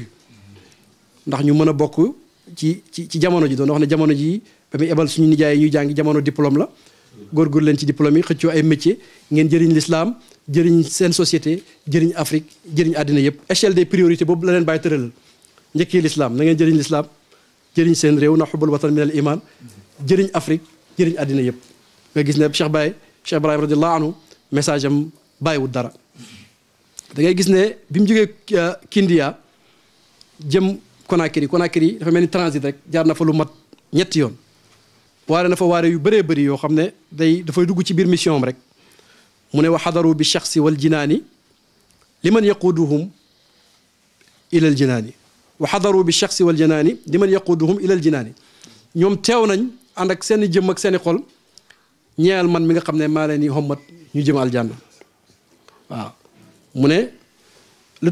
ndax ñu mën a bokk ci ci ci jamono ji doon wax ne jamono ji ba muy ebal suñu nijaay yi ñuy jàngi jamono diplôme la góorgóor leen ci diplôme yi xëccoo ay métier ngeen jëriñ l'islam jëriñ seen société jëriñ Afrique jëriñ àddina yëpp échelle des priorités boobu la leen bàyyi tëralal njëkkee l'islam na ngeen jëriñ l'islam jëriñ seen réew na xubul watan min al iman jëriñ Afrique جيرج أدينا يب بيجسنا بشيخ باي شيخ باي رضي الله عنه مساج باي ودارا ده جاي جسنا بيمجي كينديا جم كوناكري كوناكري في مني ترانزيت جارنا فلو مات نيتيون وارنا فواري بري بري يو خمنا ده دفعي دوغو تبير ميشيون مرك من وحضروا بالشخص والجناني لمن يقودهم إلى الجناني وحضروا بالشخص والجناني لمن يقودهم إلى الجناني يوم تاونا ànd ak seen i jëm ak seen i xol ñeel man mi nga xam ne maa leen di xommat ñu jëm aljanna mu ne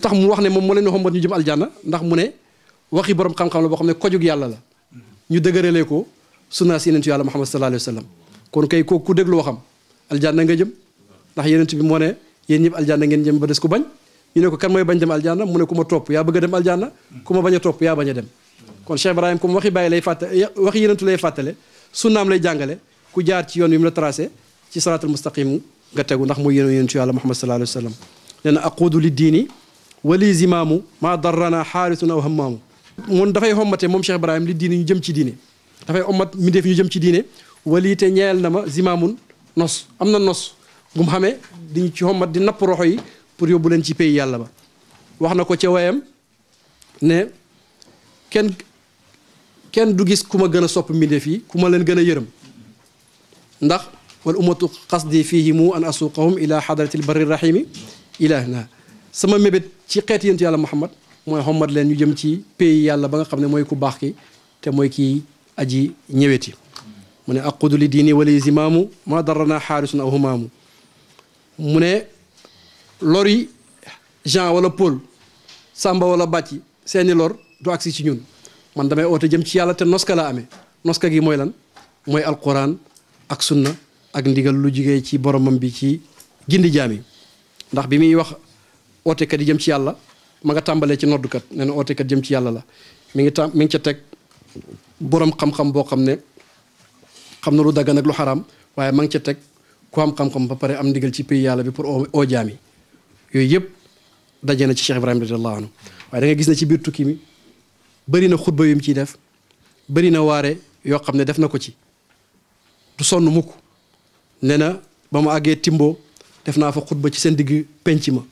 tax mu wax ne moom moo leen di xommat ñu jëm aljanna ndax mu ne waxi borom xam-xam la boo xam ne kojug yàlla la ñu dëgëralee ko sunna si yenentu yàlla Muhammad sallallahu alayhi wa sallam kon kay kooku ku déglu waxam aljanna nga jëm ndax yenentu bi moo ne yéen ñëpp aljanna ngeen jëm ba des ku bañ ñu ne ko kan mooy bañ dem aljanna mu ne ku ma topp yaa bëgg a dem aljanna ku ma bañ a topp yaa bañ a dem kon Cheikh Ibrahim comme waxi bàyyi lay fàttale waxi yenentu lay fàttale sunnaam lay jàngale ku jaar ci yoon wi mu la tracé ci saraatal mustaqim nga tegu ndax mooy yéen yéen ci yàlla muhammad sallallahu alayhi wa sallam nee na aquudu li diini wali zimaamu maa darrana xaarisun aw hammaamu moom dafay xommate moom Cheikh Ibrahim li diini ñu jëm ci diine dafay ommat mi def ñu jëm ci diine wali te ñeel na ma zimaamun nos am na nos bu mu xamee diñu ci xommat di napp roxo yi pour yóbbu leen ci pays yàlla ba wax na ko ca wayam ne kenn kenn du gis ku ma gën a sopp mbindeef yi ku ma leen gën a yërëm ndax wal umatu qasdi fihimu an asuqahum ila xadratil barri rahimi ilahna sama mébét ci xeet yéntu yàlla muhammad mooy xommat leen ñu jëm ci pays yàlla ba nga xam ne mooy ku baax ki te mooy kii aji ñëweti mu ne aqudu li diini wala zimaamu ma naa xaarisun aw humaamu mu ne lori Jean wala Paul sàmba wala bàcci seeni lor du agsi ci ñun man damay oote jëm ci yàlla te noska laa amee noska gi moy lan mooy alquran ak sunna ak ndigal lu jugee ci boromam bi ci gindi jaam ndax bi muy wax ootekat yi jëm ci yàlla ma nga tàmbalee ci noddukat nee na ootekat jëm ci yàlla la mi ngi tam mi ngi ca teg borom xam-xam boo xam ne xam na lu daggan nag lu xaram waaye ma ngi ca teg ku am xam-xam ba pare am ndigal ci pays yàlla bi pour oo jaam yooyu yëpp daje na ci Cheikh Ibrahima radiyallahu anhu waaye ne ci biir tukki mi bëri na xutba yu mu ciy def bëri na waare yoo xam ne def na ko ci du sonn mukk nee na ba ma àggee Timbo def naa fa xutba ci seen digg penc ma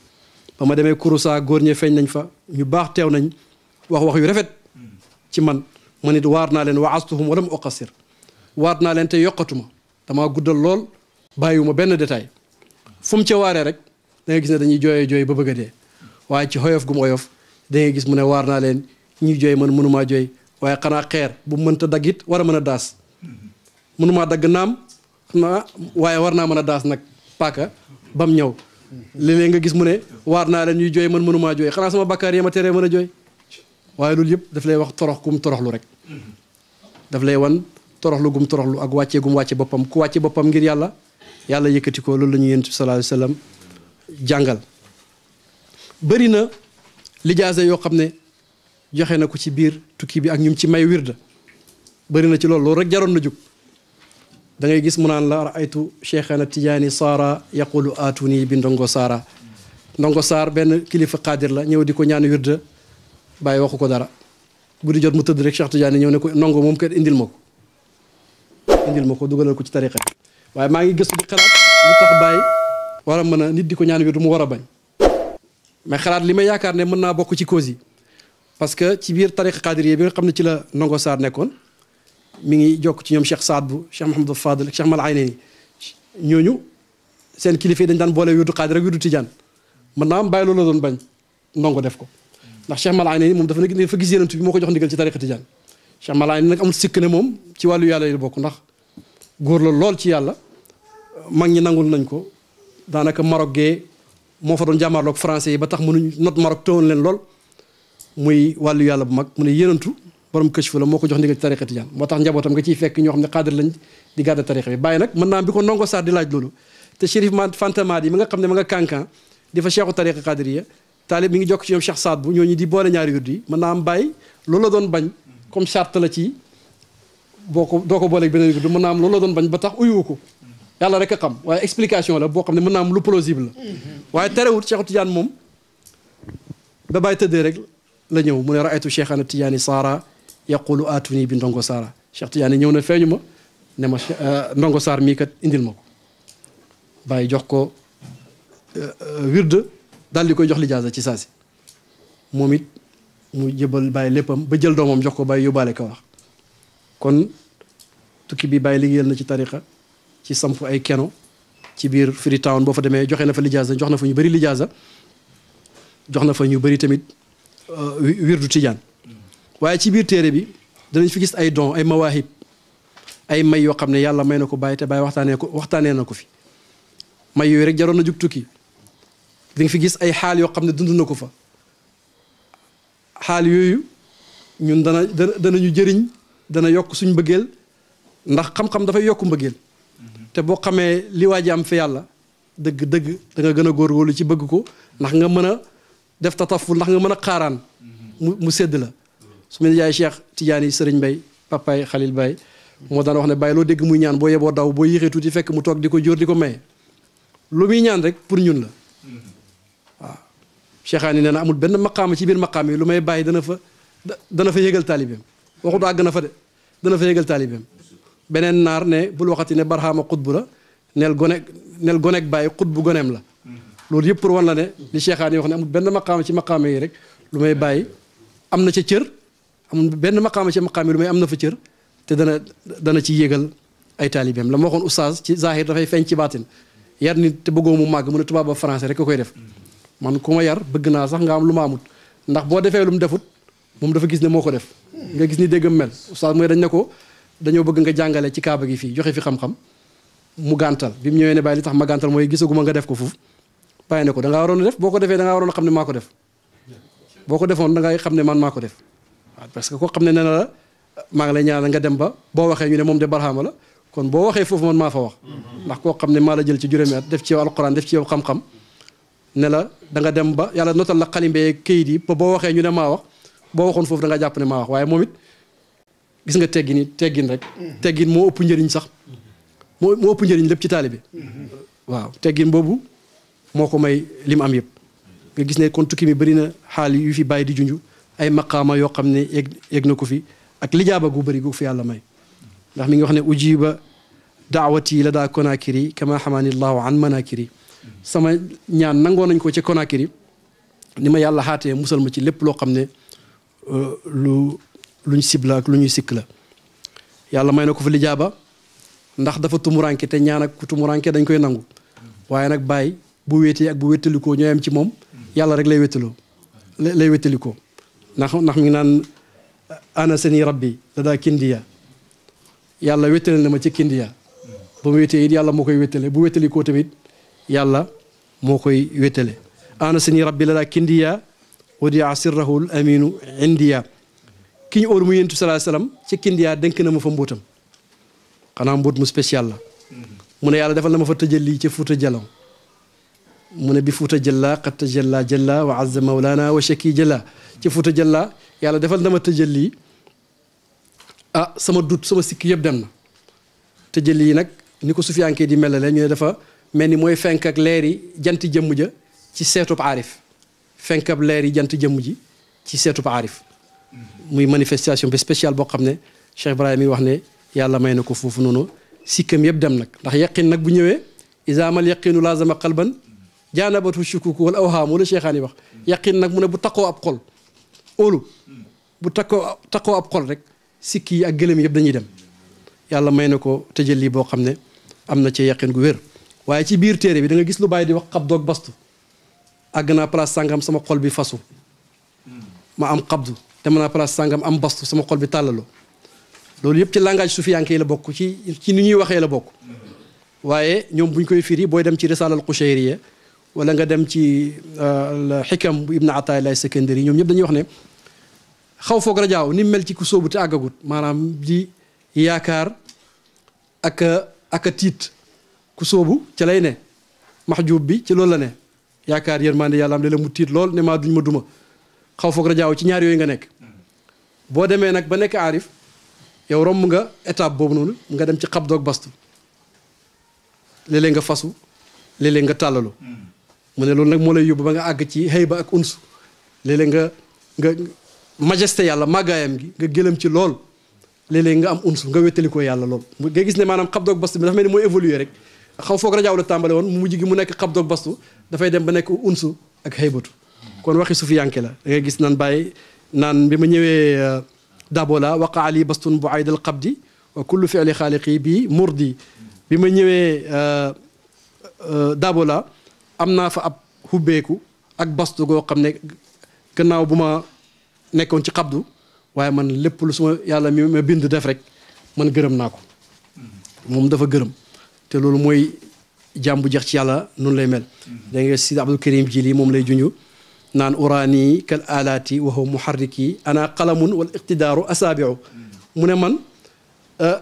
ba ma demee kurusaa góor ñe feeñ nañ fa ñu baax teew nañ wax wax yu rafet ci man ma nit waar naa leen waastuhum walam oqasir waar naa leen te yokkatuma damaa guddal lool bàyyiwuma benn détail fu mu ca waaree rek da nga gis ne dañuy jooyee jooy ba bëgg dee waaye ci xoyof gu mu xoyof da gis mu ne waar naa leen ñuy jooy man mënumaa jooy waaye xanaa xeer bu mënta dagg war a mën a daas mënumaa dagg naam xam naa waaye war naa mën a daas nag paaka bam ñëw léeg nga gis mu ne waar naa leen ñuy jooy man mënumaa jooy xanaa sama bakkaar yee ma teree mën a jooy waaye loolu yëpp daf lay wax torox kum toroxlu rek daf lay wan toroxlu gum toroxlu ak wàccee gum wàcce boppam ku wàcce boppam ngir yàlla yàlla yëkkati ko loolu la ñu yonent bi sallallahu jàngal bëri na lijaase yoo xam ne joxe na ko ci biir tukki bi ak ñum ci may wirda bëri na ci loolu loolu rek jaroon na jóg dangay gis mu naan la raaytu cheikhana tijaani saara yaqulu aatuni bi ndongo saara ndongo saar benn kilifa xaadir la ñëw di ko ñaan wirda bàyyi wax ko dara bu di jot mu tëdd rek cheikh tijaani ñëw ne ko ndongo moom kër indil ma ko indil ma ko dugalal ko ci tariqa bi waaye maa ngi gëstu di xalaat lu nit di ko ñaan wirdu mu war a bañ mais xalaat li ma yaakaar ne mën naa bokk ci cause yi parce que ci bir tariqa qadiriyya bi nga xamne ci la nongo sar nekkon mi ngi jokk ci ñom Cheikh Saad bu Cheikh mohammed Fadel Cheikh Mal Aynani ñooñu seen kilifa dan dañ bole boole qadir ak wirdu tidiane man na am bàyyi loolu la doon bañ nongo def ko ndax Cheikh Mal Aynani mom dafa ne fa gis yéenantu bi moko jox ndigal ci tariqa tidiane Cheikh Mal Aynani nak amul sikk ne mom ci walu yàlla yi bokk ndax góor la lol ci yàlla mag ñi nangul nañ ko danaka Maroc ge mo fa doon jàmmaarloog français yi ba tax mënu not Maroc tëwoon len lol muy wàllu yàlla bu mag mu ne yënantu borom këcc fu la moo ko jox ndigal ci ba tax uyuwu a xam la boo xam ne mën la mm-hmm. waaye terewut cheikhu tijaan moom ba bàyyi tëddee rek la ñëw mu ne raaytu cheikh ana tijaani saara yaqulu atuni bi ndongo sara cheikh tiyani ñëw na feeñu ma ne ma ndongo sar mi kat indil mako bay jox ko wirde dal di koy jox lijaasa ci sasi momit mu jëbal bay léppam ba jël domam jox ko bay yobale ko wax kon tukki bi bay liggéeyal na ci tariqa ci samp ay keno ci bir free town bo fa deme joxe na fa lijaasa jox na fa ñu bari lijaasa jox na fa ñu bari tamit wirdu tijaan waaye ci biir téere bi danañ fi gis ay don ay mawaahib ay may yoo xam ne yàlla may na ko bàyyi te bàyyi waxtaanee ko waxtaanee na ko fi may yooyu rek jaroon na jug tukki di nga fi gis ay xaal yoo xam ne dund na ko fa xaal yooyu ñun dana danañu jëriñ dana yokk suñ mbëggeel ndax xam-xam dafay yokk mbëggeel te boo xamee li waa ji am fi yàlla dëgg danga gën a góorgóorlu ci bëgg ko ndax nga mën def tataful ndax nga mën a xaaraan mu mu sedd la su ma yaay Cheikh Tidiane Serigne Mbaye papaay Khalil Baye moo daan wax ne Baye loo dégg muy ñaan boo yeboo daw boo yéexee tuuti fekk mu toog di ko jóor di ko maye lu muy ñaan rek pour ñun la waaw Cheikhaani nee na amul benn maqaama ci biir maqaam yi lu may bàyyi dana fa dana fa yëgal taalibeem waxu daa na fa de dana fa yëgal taalibeem beneen naar ne bul waxati ne barxaama bu la nel gone nel gonek bàyyi xutbu goneem la loolu yëpp pour wan la ne li Cheikhaan yi wax ne amul benn maqaama ci maqaama yi rek lu may bàyyi am na ca cër amul benn maqaama ci maqaama yi lu may am na fa cër te dana dana ci yéegal ay taalibeem la ma waxoon oustaz ci zahir dafay feeñ ci baatin yar nit te bëggoo mu màgg mu ne tubaab ba français rek ko koy def man ku ma yar bëgg naa sax nga am lu ma amut ndax boo defee lu mu defut moom dafa gis ne moo ko def nga gis ni déggam mel oustaz mooy dañ ne ko dañoo bëgg nga jàngale ci kaaba gi fii joxe fi xam-xam mu gàntal bi mu ñëwee ne bàyyi li tax ma gàntal mooy gisaguma nga def ko foofu bàyyi ne ko da ngaa waroon def boo ko defee da ngaa waroon xam ne maa ko def boo ko defoon da xam ne man maa ko def waaw parce que ko xam ne nee na la maa ngi lay ñaanal nga dem ba boo waxee ñu ne moom de barxaama la kon boo waxee foofu maa fa wax ndax koo xam ne maa la jël ci juróomi at def ci yow alquran def ci yow xam-xam ne la da nga dem ba yàlla notal la xalimbee kayit yi ba boo waxee ñu ne maa wax boo waxoon foofu da nga jàpp ne maa wax waaye moom it gis nga teggin yi teggin rek teggin moo ëpp njëriñ sax moo ëpp njëriñ lépp ci taalibe waaw teggin moo ko may li mu am yëpp nga gis ne kon tukki mi bëri na xaal yu fi bàyyi di junj ay maqaama yoo xam ne yegg yegg na ko fi ak lijaaba gu bari gu fi yàlla may ndax mi ngi wax ne ujiba daawati la daa konakiri kama xamaani llahu an manakiri sama ñaan nangoo nañ ko ca konakiri ni ma yàlla xaatee musal ma ci lépp loo xam ne euh, lu luñ sibla ak lu ñuy sikk yàlla may na ko fa lijaaba ndax dafa tumuranke te ñaan ak ku dañ koy nangu waaye nag bàyyi bu wéetee ak bu wéttalikoo ñooyam ci moom yàlla rek lay wéttaloo lay wéttalikoo ndax ndax mi ngi naan ana seni rabbi da daa kindiya yàlla wéttale na ma ci kindiya ba yàlla moo koy wéttale bu wéttalikoo tamit yàlla moo koy wéttale ana seni rabbi la daa kindiya wadia sirrahul aminu indiya ki ñu mu yentu salaa salaam ci kindiya denk na ma fa mbóotam xanaa mbóot mu spécial la mm-hmm. mu ne yàlla defal na ma fa tëjal lii ca Fuuta Jalon mu ne bi fuuta jëllaa xat tajalla jëlla wa azza mawlana wa shaki jëlla ci fuuta jëllaa yàlla defal na ma tëjëlli ah sama dut sama sikki yëpp dem na tëjëlli yi nag ni ko sufiyankee di melale ñu ne dafa mel ni mooy fenk ak leer yi jant jëmm ja ci seetub aarif fenk ab leer yi jant jëmm ji ci seetub aarif muy manifestation bi spéciale boo xam ne Cheikh Ibrahima yi wax ne yàlla may na ko foofu noonu sikkam yëpp dem nag ndax yaqin nag bu ñëwee isaamal yaqiinu laazama qalban jaanabatu shukuku wala awhaam wala cheikhaan yi wax yaqin nag mu ne bu takkoo ab xol óolu bu takkoo takkoo ab xol rek sikki yi ak gëléem yëpp dañuy dem yàlla may na ko tëjal lii boo xam ne am na ci yaqin gu wér waaye ci biir téere bi danga gis lu bàyyi di wax xab doog bastu àgg naa place sàngam sama xol bi fasu ma am xabdu dem naa place sàngam am bastu sama xol bi tàllaloo loolu yëpp ci langage sufiyanke yi la bokk ci ci ni ñuy waxee la bokk waaye ñoom buñ koy firi booy dem ci risaalal Qushayriya wala nga dem ci xikam euh, bu Ibn Ataillah Sekandari ñoom ñëpp dañuy wax ne xaw foog rajaaw ni mel ci ku sóobu te àggagut maanaam di yaakaar ak tiit ku soobu ca lay ne maxjuub bi ci loolu la ne yaakaar yërmande yàlla am la mu tiit lool ne maa duñ ma duma xaw foog rajaaw ci ñaar yooyu nga nekk boo demee nag ba nekk aarif yow romb nga étape boobu noonu nga dem ci xabdoog bastu léeg-léeg nga fasu léeg nga tàllalu hmm. mune ne nak mo lay yob ba nga ag ci xëy ak uns lele nga nga majesté yàlla magayam gi nga gëlëm ci lool lele nga am uns nga wételi ko yàlla lool nga gis ne manam xab doog bastu bi dafa melni ni évoluer rek xaw foog rajaaw tàmbale won mu mujj mu nek xab doog bastu fay dem ba nek uns ak xëybatu kon waxi sufi yanke la da ngay gis nan bàyyi nan bima ñewé ñëwee dabola waqa ali bastun bu al qabdi wa kullu fi'li khaliqi bi murdi bi ma ñëwee dabola am naa fa ab xubbeeku ak bastu goo xam ne gannaaw bu ma nekkoon ci xabdu waaye man lépp lu suma yàlla mi ma bind def rek man gërëm naa ko moom dafa gërëm te loolu mooy jàmm bu jeex ci yàlla noonu lay mel da nga si Abdul Karim ji moom lay junju naan uraani kal alaati wa huwa muharriki ana qalamun wal iqtidaaru asaabiu mu ne man eh,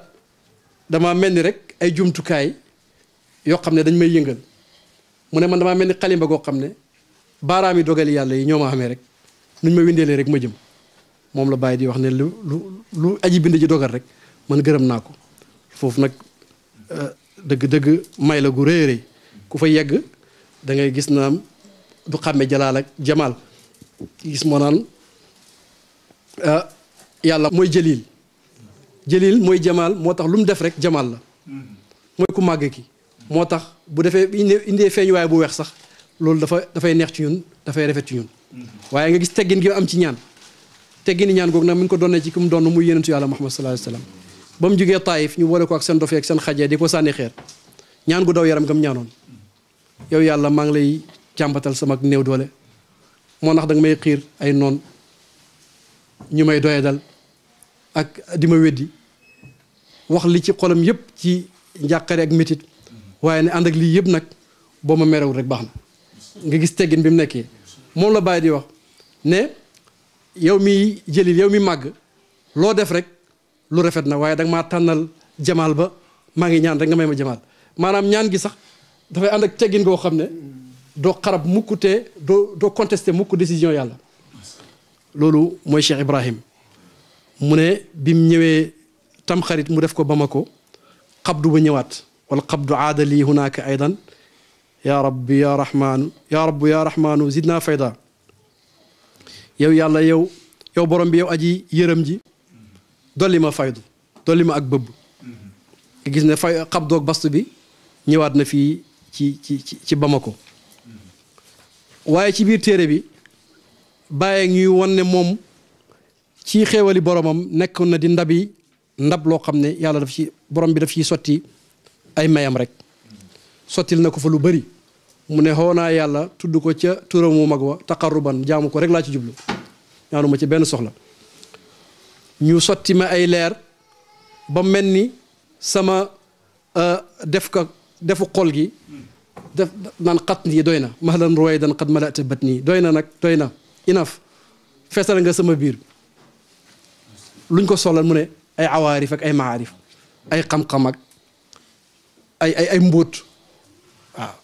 dama mel ni rek ay jumtukaay yoo xam ne dañ may yëngal mu ne man damaa mel ni xalimba goo xam ne baaraam yi dogal yàlla yi ñoo ma amee rek nuñ ma windeelee rek ma jëm moom la bàyyi di wax ne lu lu lu aji bind ji dogal rek man gërëm naa ko foofu nag dëgg-dëgg euh, may la gu rëy rëy ku fa yegg dangay gis naam du xàmme jalaal ak jamaal gis moo naan euh, yàlla mooy jëlil jëlil mooy jamaal moo tax lu mu def rek jamaal la mm-hmm. mooy ku màgg ki moo tax bu defee indee feeñuwaay bu weex sax loolu dafa dafay neex ci ñun dafay rafet ci ñun waaye nga gis teggin gi am ci ñaan teggini ñaan googu nag mu ngi ko donnee ci ku mu doon muy yenentu yàlla Muhammad sallallahu alayhi wa sallam ba mu jógee Taayif ñu boole ko ak seen dofee ak seen xajee di ko sànni xeer ñaan gu daw yaram gam ñaanoon yow yàlla maa ngi lay jàmbatal sama néew doole moo tax danga may xiir ay noon ñu may doye dal ak di ma weddi wax li ci xolam yépp ci njàqare ak métit waaye ne ànd ak lii yëpp nag boo ma merewul rek baax na nga gis teggin bi mu nekkee moom la bàyyi di wax ne yow mi jëlil yow mi màgg loo def rek lu rafet na waaye danga maa tànnal jamaal ba maa ngi ñaan rek nga may ma jamaal maanaam ñaan gi sax dafay ànd ak teggin goo xam ne doo xarab mukk te doo doo contesté mukk décision yàlla loolu mooy Cheikh Ibrahim mu ne bi mu ñëwee tam xarit mu def ko ba ma ko xabdu ba ñëwaat والقبض عاد لي هناك أيضا يا ربي يا رحمن يا رب يا رحمن زدنا فيضا يو يا الله يو يو بروم بيو اجي يرمجي دولي ما فايدو دولي ما اك بب غيسنا فاي قبضوك بسط بي نيوات في تي تي تي باماكو واي تي بير تيري بي باي نيو وني موم تي خيوالي بروم نيكون دي ندابي نداب لو يا يالا داف سي بروم بي داف سي سوتي ay mayam rek sottil na ko fa lu bari mu ne xaw naa yàlla tudd ko ca turam mu mag wa taqarruban jaamu ko rek laa ci jublu ma ci benn soxla ñu sotti ma ay leer ba mel ni sama euh, def ka defu xol gi def naan xat nii doy na mahlan ruwaay dan xat malata bat nii doy na nag doy na inaf feesal nga sama biir luñ ko soxla mu ne ay awaarif ak ay maarif ay xam-xam ak ay ay ay mbóot waaw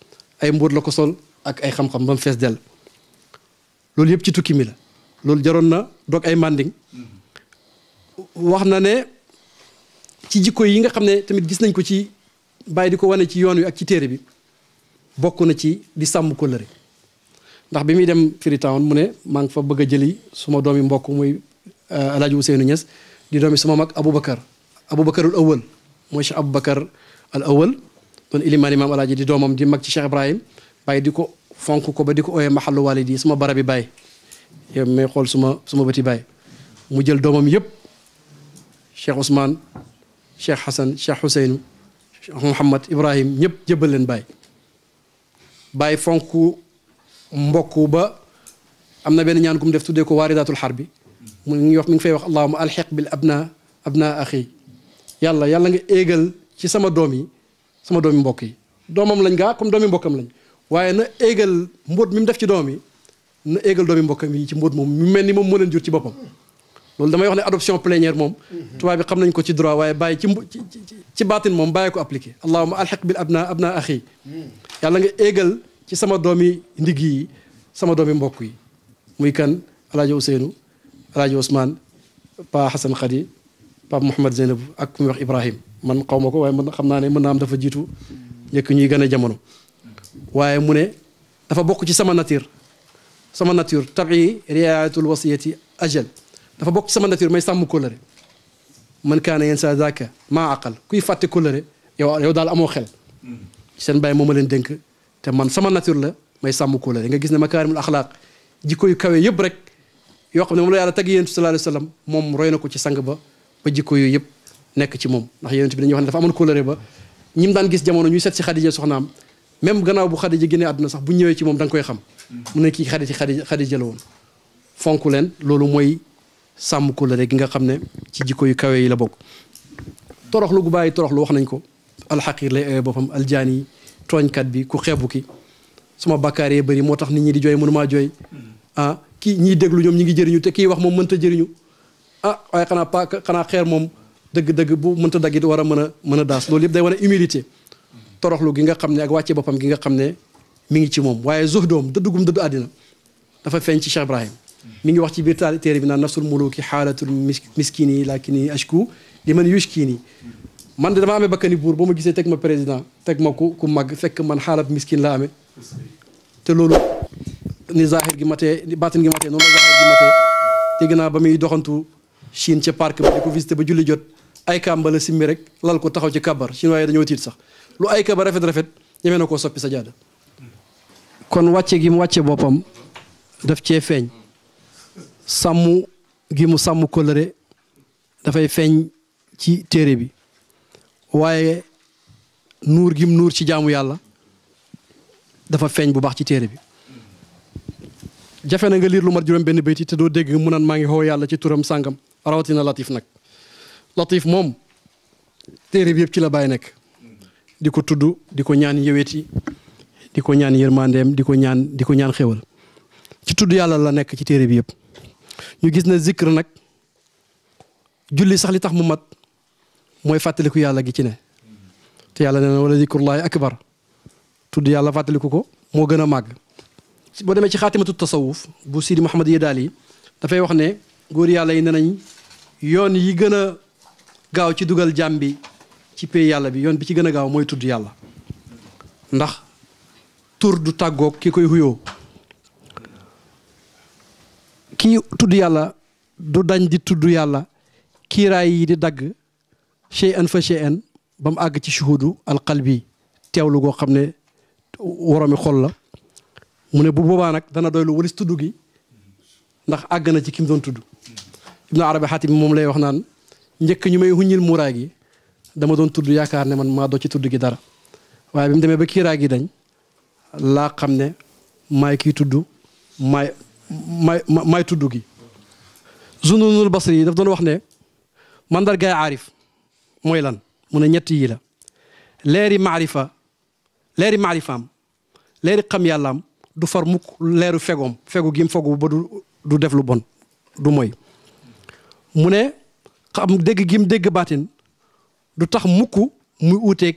ay mbóot la ko sol ak ay xam-xam ba mu fees dell loolu yëpp ci tukki mi la loolu jaroon na doog ay manding wax na ne ci jikko yi nga xam ne tamit gis nañ ko ci bàyyi di ko wane ci yoon wi ak ci téere bi bokk na ci di sàmm kóllëre ndax bi muy dem Freetown mu ne maa ngi fa bëgg a jëli suma doomi mbokk muy euh, El Hadj Ousseynou Niass di doomi suma mag abu Aboubacar Aboubacarul Awal mooy ci Cheikh bakar الاول دون الي مال امام الاجي دومم دي ماك شيخ ابراهيم باي ديكو فونك كو با ديكو اوي محل والدي سما بربي باي يا مي خول سما سما بتي باي مو جيل دومم ييب شيخ عثمان شيخ حسن شيخ حسين محمد ابراهيم ييب جيبل لن باي باي فونكو مبوكو با امنا بن نيانكم ديف تودي كو واردات الحرب مو نيوخ مي فاي واخ اللهم الحق بالابناء ابناء اخي يلا يلا ايغل ci sama doom yi sama doomi mbokk yi doomam lañ gaa comme doomi mbokkam lañ waaye na éegal mbóot mi mu def ci doom yi na éegal doomi mbokkam yi ci mbóot moom mu mel ni moom moo leen jur ci boppam loolu damay wax ne adoption plénière moom mhm. tubaab xam nañ ko ci droit waaye bàyyi ci ci baatin moom bàyyi ko appliqué allahuma alxaq bil abna abna axi mhm. yàlla nga éegal ci sama doomi ndigg yi sama doomi mbokk yi muy kan alaaji Ousseynou alaaji Ousmane pa Hassan Khadi pa Mouhamad Zeynabou ak ku muy wax Ibrahim man xawmako ma man xamna ne man am dafa jitu ñek ñuy gëna jamono waye mu ne dafa bok ci sama nature sama nature tabi riayatul wasiyati ajal dafa bok ci sama nature may sam ko lere man kaana yensa saa ma aqal kuy fàtte ko lere yow yow dal amo xel seen bay moo ma leen dénk te man sama nature la may sam ko lere nga gis ne makarimul akhlaq jiko yu kawe yeb rek yo xamne ne la yàlla tagi yéen sallallahu alayhi wasallam mom moom roy na ko ci sang ba ba jiko yu yeb nekk ci moom ndax yonent bi dañuy wax ne dafa amoon kóllëre ba ñim daan gis jamono ñuy set si Xadija soxnaam même gannaaw bu Xadija génnee àdduna sax bu ñëwee ci moom da nga koy xam mu ne kii Xadija Xadija Xadija la woon fonk leen loolu mooy sàmm kóllëre gi nga xam ne ci jikko yu kawe yi la bokk torox lu gu bàyyi toroxlu wax nañ ko alxaqir lay awee boppam aljaan yi tooñkat bi ku xeebu ki suma bakkaar yee bari moo tax nit ñi di jooy mënumaa jooy hmm. ah kii ñiy déglu ñoom ñi ngi jëriñu te wax moom mënta jëriñu ah waaye xanaa pa xanaa xeer moom dëgg-dëgg bu mënta dagg it war a mën a mën a daas loolu yëpp day wane humilité toroxlu gi nga xam ne ak wàcce boppam gi nga xam ne mi ngi ci moom waaye zuhdoom dëddugum dëddu àddina dafa feeñ ci Cheikh Ibrahim hmm. mi ngi wax ci biir taal bi naan nafsul muluki xaalatul miskini yi lakini ashku li man yushkini hmm. man de dama amee bakkani buur boo ma gisee teg ma président teg ma ku ku mag fekk man xaalab miskin la amee te loolu ni zahir gi matee ni baatin gi matee noonu la zahir gi matee dégg naa ba muy doxantu Chine ca parc ba di ko visité ba julli jot ay kàmba la simmi rek lal ko taxaw ci kabar chinois waaye dañoo tiit sax lu ay kaba rafet rafet ñemee na koo soppi sa jaada. kon wàcce gi mu wàcce boppam daf cee feeñ sàmm gi mu sàmm kóllëre dafay feeñ ci téere bi waaye nuur gi mu nuur ci jaamu yàlla dafa feeñ bu baax ci téere bi jafe na nga liir lu mat juróom benn bayti te doo dégg mu naan maa ngi xoo yàlla ci turam sàngam rawatina latif nag Latif moom téere bi yëpp ci la bàyyi nekk di ko tudd di ko ñaan yëweti di ko ñaan yërmandeem di ko ñaan di ko ñaan ci tudd yàlla la nekk ci téere bi yëpp ñu gis na zikr nag julli sax li tax mu mat mooy fàttaliku yàlla gi ci ne te yàlla nee na wala zikrullahi akbar tudd yàlla fàttaliku ko moo gën a màgg boo demee ci xaatimatu tasawuf bu Sidi Mouhamed Yadaali dafay wax ne góor yàlla yi nee yoon yi gën gaaw ci dugal jàmm bi ci pay yàlla bi yoon bi ci gën gaaw mooy tudd yàlla ndax tur du tàggoog ki koy xuyoo ki tudd yàlla du dañ di tudd yàlla kiiraay yi di dagg chey an fa chey an ba mu àgg ci shuhudu alqalbi teewlu goo xam ne woroomi xol la mu ne bu boobaa nag dana doy lu walis tudd gi ndax àgg na ci kim doon tudd ibnu arabi xaatim moom lay wax naan njëkk ñu may huññil muuraay gi dama doon tudd yaakaar ne man maa doo ci tudd gi dara waaye bi mu demee ba kiiraay gi dañ laa xam ne maay kii tudd maay maay maay tudd gi zununul basri yi daf doon wax ne mandargaay aarif mooy lan mu ne ñett yi la leeri maarifa leeri maarifaam leeri xam yàllaam du far mukk leeru fegoom fegu gi mu fegu ba du du def lu bon du moy mu ne xam dégg gim dégg baatin du tax mukk muy uuteeg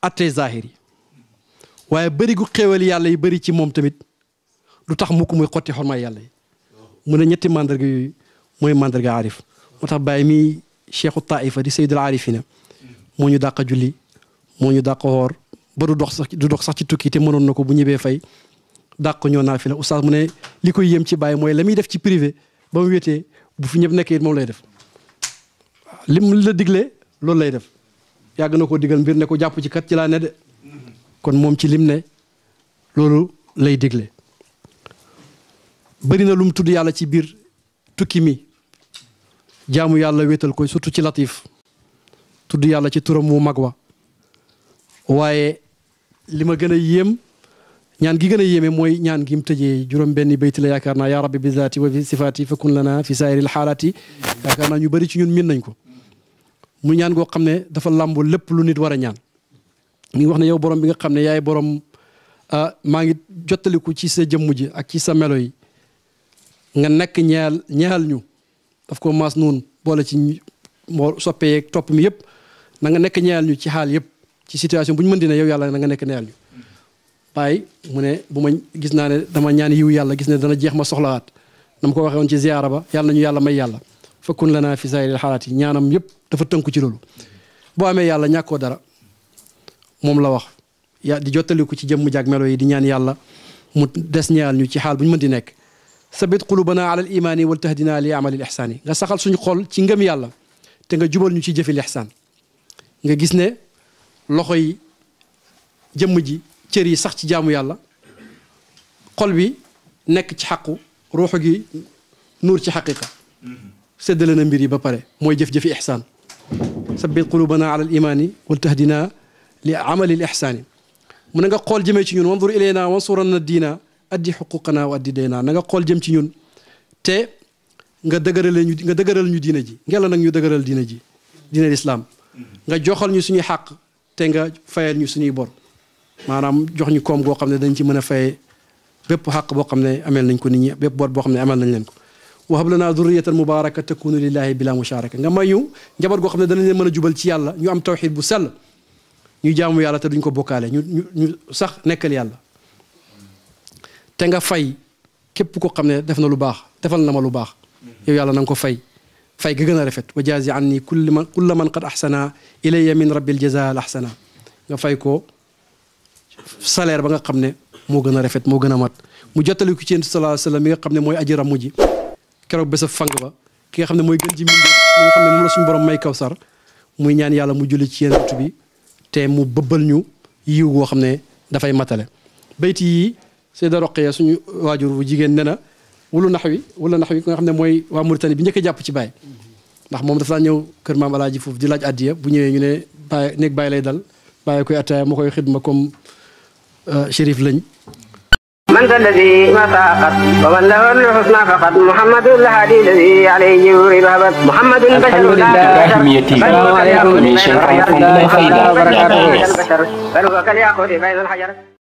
attee zahir yi waaye bëri gu xéewal yàlla yi bari ci moom tamit du tax mukk muy xotti xormaay yàlla yi mu ne ñetti mandarga yooyu mooy mandarga arif moo tax bàyyi mi cheikhu taifa di saydul arifina moo ñu dàq julli moo ñu dàq woor ba du dox sax du dox sax ci tukki te mënoon na ko bu ñëbee fay dàq ñoo naa fi la oustaz mu ne li ko yëm ci bàyyi mooy la muy def ci privé ba mu wéetee bu fu ñëpp nekkee it moom lay def lim la digle loolu lay def yàgg na koo digal mbir ne ko jàpp ci kat ci laa ne de kon moom ci lim ne loolu lay digle bëri na lum tudd yàlla ci biir tukki mi jaamu yàlla wéetal ko surtout ci latif tudd yàlla ci turam wu mag wa waaye li ma gën a yéem ñaan gi gën a yéeme mooy ñaan gi mu tëjee juróom benn bayti la yaakaar naa yaa rabbi bi zaati wa fi sifaati fakun lana fi saayiril xaalaati yaakaar naa ñu bëri ci ñun miin nañ ko mu ñaan koo xam ne dafa làmbo lépp lu nit war a ñaan mu ngi wax na yow borom bi nga xam ne yaay borom maa ngi jottaliku ci sa jëmm ji ak ci sa melo yi nga nekk ñaal ñaal ñu daf ko maas noonu boole ci moo soppee topp mi yëpp na nga nekk ñaal ñu ci xaal yëpp ci situation bu ñu mën di ne yow yàlla na nekk ñaal ñu waaye mu ne bu ma gis naa ne dama ñaan yiw yàlla gis ne dana jeex ma soxlawaat na ma ko waxee woon ci ziyaara ba yàlla ñu yàlla may yàlla فكون لنا في زائر الحالات نيانم يب دفا تنكو سي لولو بو امي يالا نياكو دارا موم لا واخ يا دي جوتالي سي جيم جاك ميلو دي نيان يالا مو ديس نيال نيو سي حال بو مندي نيك ثبت قلوبنا على الايمان والتهدنا لعمل الاحسان غا ساخال سوني خول سي نغم يالا تي نغا جوبال نيو سي جيفي الاحسان nga gis ne loxo yi ji cër sax ci jaamu yàlla xol bi nekk ci xaqu ruuxu gi nuur ci xaqiqa mm-hmm. سد لنا مبيري بباري مو جف جف إحسان سبيت قلوبنا على الإيمان والتهدينا لعمل الإحسان من نجا قول جمع تشيون وانظر إلينا وانصرنا الدين أدي حقوقنا وأدي دينا نجا قول جمع تشيون ت نجا دعير لنا نجا دعير لنا الدين جي نجا لنا نجا دعير الدين جي دين الإسلام نجا جوخل نيسني حق تنجا فاير نيسني بور ما نام جوخل نيكم قوام ندين تي منا فاير بيب حق بقام نعمل نكون نيا بيب بور بقام نعمل نكون وهب لنا ذرية مباركة تكون لله بلا مشاركة نعم يو جبر قو خمد دنا نعم نجبل تي الله يو أم توحيد بسال يو جام ويا الله تدين كبوكالة يو يو سخ نكل يالله تنغا فاي كيف بكو خمد دفن لباخ دفن لما لباخ يو يالله نعم كفاي فاي جعنا رفت وجاز عني كل من كل من قد أحسن إلي من رب الجزاء الأحسن نعم فاي كو سالير بنا خمد مو جعنا رفت مو جعنا مات مجتلو كتير صلى الله عليه وسلم يقابني مو أجر موجي keroog bés a fang ba ki nga xam ne mooy gën ji mi nga xam ne moom la suñu borom may Kawsar muy ñaan yàlla mu julli ci yenn bi te mu bëbbal ñu yiw woo xam ne dafay matale bayti yi Seyda Roqaya suñu waajur bu jigéen ne na wulu nax wi wula nax wi ki nga xam ne mooy waa Mauritanie bi njëkk jàpp ci baay ndax moom dafa daan ñëw kër maam alaaji foofu di laaj addiya bu ñëwee ñu ne baay nekk baay lay dal bàyyi koy attaaya moo koy xidma comme euh, shérif lañ من ذا الذي ما فاقت وبلغ الحسنى فقط محمد الهادي الذي عليه يريد محمد البشر لا أهميتي السلام عليكم من شيخ الله خيرا بل هو كالياقوت بين الحجر